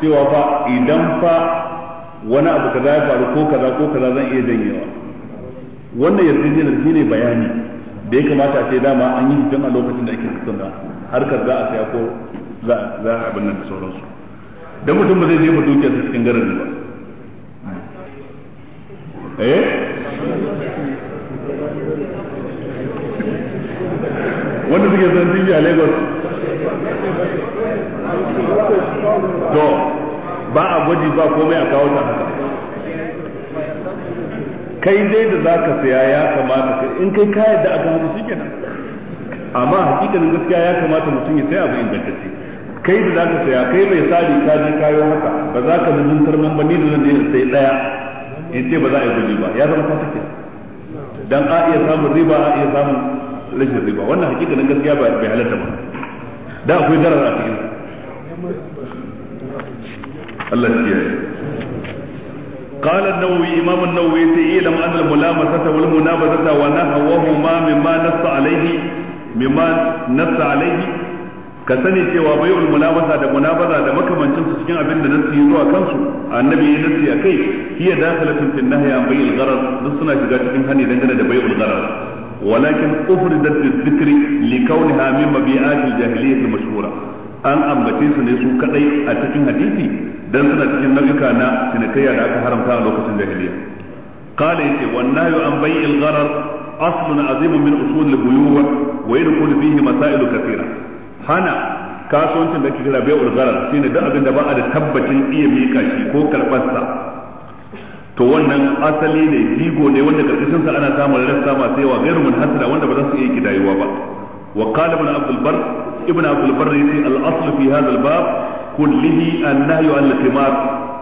S1: cewa fa idan fa wani abu kaza ya faru ko kaza ko kaza zan iya janyewa wannan yarjejeniyar ne bayani da ya kamata a ce dama an yi hidan a lokacin da ake tattauna harkar za a saya ko za a abin nan da sauransu dan mutum ba zai jefa dukiyarsa cikin garin ba
S2: eh wanda suke son TV a Lagos to ba a gwaji ba komai a kawo ta haka kai dai da za ka saya ya kamata in kai ka yadda aka hadu shi kenan amma
S1: hakikanin gaskiya ya kamata mutum ya saya abu ingantacce kai da za ka saya kai mai sari ka je kayo haka ba za ka zuntar nan ba ni da zan da sai daya in ce ba za a yi gwaji ba ya zama ta kenan dan a iya samun riba a iya samun
S2: rashin riba wannan hakikanin gaskiya bai halatta ba da akwai darar a cikin Allah ya قال
S1: النووي إمام النووي تعلم أن الملامسة والمنابذة ونحوهما مما نص عليه مما نص عليه ka sani cewa bai'ul mulabasa da munabaza da makamancinsu su cikin abin da nasu zuwa kansu annabi ya nasu a kai hiya dakhalatun fil nahyi an bai'il gharar duk suna shiga cikin hani dangane da bai'ul gharar walakin ufridat bizikri li kawniha min mabi'at al jahiliyyah al an ambace su ne su kaɗai a cikin hadisi dan suna cikin nau'uka na cinikayya da aka haramta a lokacin jahiliya qala yace wan yau an bai'il gharar aslun azimun min usul al-buyuwa wa yadkhulu fihi masail kathira hana kasuwancin da ake kira bai'ul gharar shine duk abin da ba a da tabbacin iya mika shi ko karbarsa to wannan asali ne jigo ne wanda karkashin sa ana samun rassa masu yawa gairu munhasira wanda ba za su iya kidayuwa ba wa qala ibn abdul bar ibn abdul bar yace al asl fi hadha al bab kullihi annahyu an al-khimar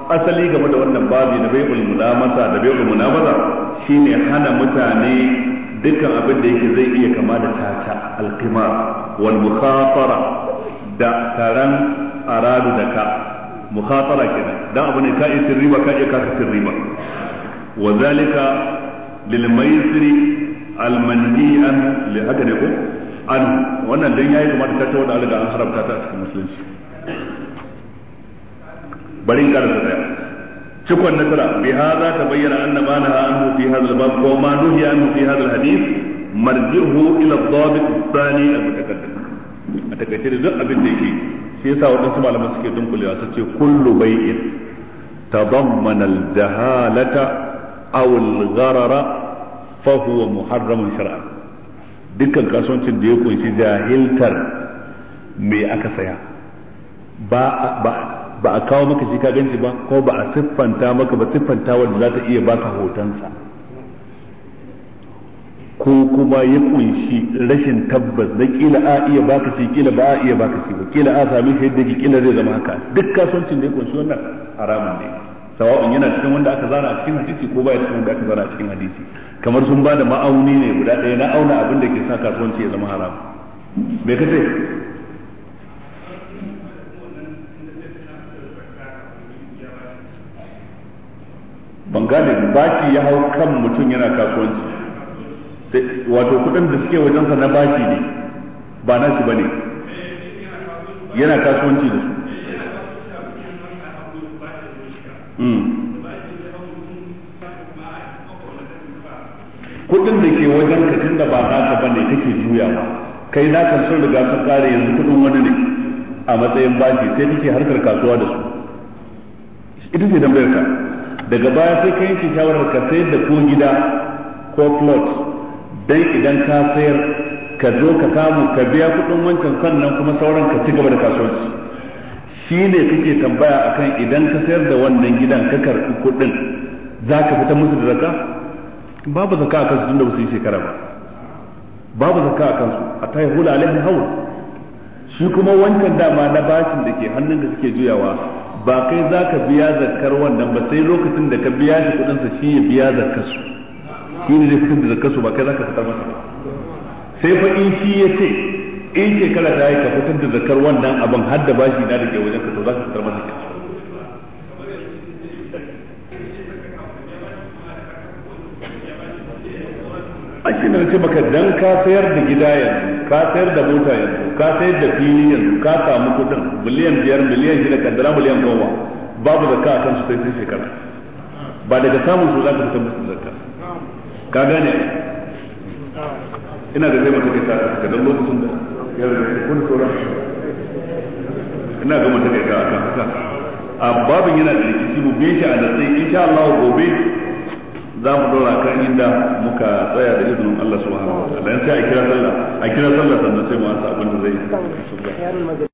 S1: asali game da wannan babi na bai'ul munamasa da bai'ul munabaza shine hana mutane dukkan abin da yake zai iya kama da tata al-khimar wal mukhatara da taran aradu da ka mukhatara kenan dan abu ne ka sirri riba ka ka kasa riba wa zalika lil maisri al manhi li haka ne ko an wannan dan yayi kuma ta tawo da an haramta ta cikin musulunci bari in karanta daya cikon nasara bi hadha tabayyana anna ma naha anhu fi hadha al-bab wa ma nuhiya anhu fi hadha al-hadith marji'uhu ila ad-dabit ath-thani al-mutaqaddim a takaice da duk abin da yake shi yasa waɗansu malaman suke dunkulewa su ce kullu bai'in tadammana al-jahalata aw al-gharara fa huwa muharramun shar'an dukkan kasuwancin da ya kunshi jahiltar me aka saya ba ba a kawo maka shi ka ganci ba ko ba a siffanta maka ba siffanta wanda za ta iya baka hotonsa ko kuma ya kunshi rashin tabbas da kila a iya baka shi kila ba a iya baka shi ba kila a sami shi yadda kila zai zama haka duk kasuwancin da ya kunshi wannan haramun ne sawa'un yana cikin wanda aka zana a cikin hadisi ko baya cikin wanda aka zana a cikin hadisi kamar sun ba da ma'auni ne guda ɗaya na auna abin da ke sa kasuwanci ya zama
S2: haramun. me ka ce ban
S1: gane bashi ya hau kan mutum yana kasuwanci wato kudin da suke wajensa na bashi ne ba na shi ba ne, yana kasuwanci da su
S2: hmm. kudin da ke wajen ka tunda ba naka bane
S1: kake juyawa kai na kan sun riga sun kare yanzu kudin wani ne a matsayin bashi sai kake harkar kasuwa da su ita ce tambayar ka daga baya sai ka yanke shawarar ka sayar da ko gida ko plot dan idan ka sayar ka zo ka samu ka biya kuɗin wancan sannan kuma sauran ka ci gaba da kasuwanci shi ne kake tambaya akan idan ka sayar da wannan gidan ka karɓi kuɗin za ka fita musu da zaka babu zaka a su tunda ba su yi shekara ba babu zaka a su a ta hula alaihi hawa shi kuma wancan dama na bashin da ke hannun da suke juyawa ba kai za ka biya zakar wannan ba sai lokacin da ka biya shi sa shi ya biya zakar su shi ne zai fitar da zakar su ba kai za ka fitar masa ba sai fa in shi ya ce in shekara ta yi ka fitar da zakar wannan abin har da bashi na da
S2: ke wajen ka to za ka fitar masa kenan ashe shi ne ce baka dan ka sayar da
S1: gida yanzu ka sayar da mota yanzu ka sayar da fili yanzu ka samu kudin miliyan biyar miliyan shida dara miliyan goma babu zakka a kansu sai sun shekara ba daga samun su za ka fitar musu zakka
S2: ka gane ina da zai
S1: mata kai ta ka dan lokacin da ya rage kun sauran
S2: ina ga mata kai ta ka a babin yana da rikici mu bi shi a da sai insha Allah gobe
S1: za mu dora kan inda muka tsaya da izinin Allah subhanahu wa ta'ala sai a kira sallah a kira sallah sannan sai mu ansa abin da zai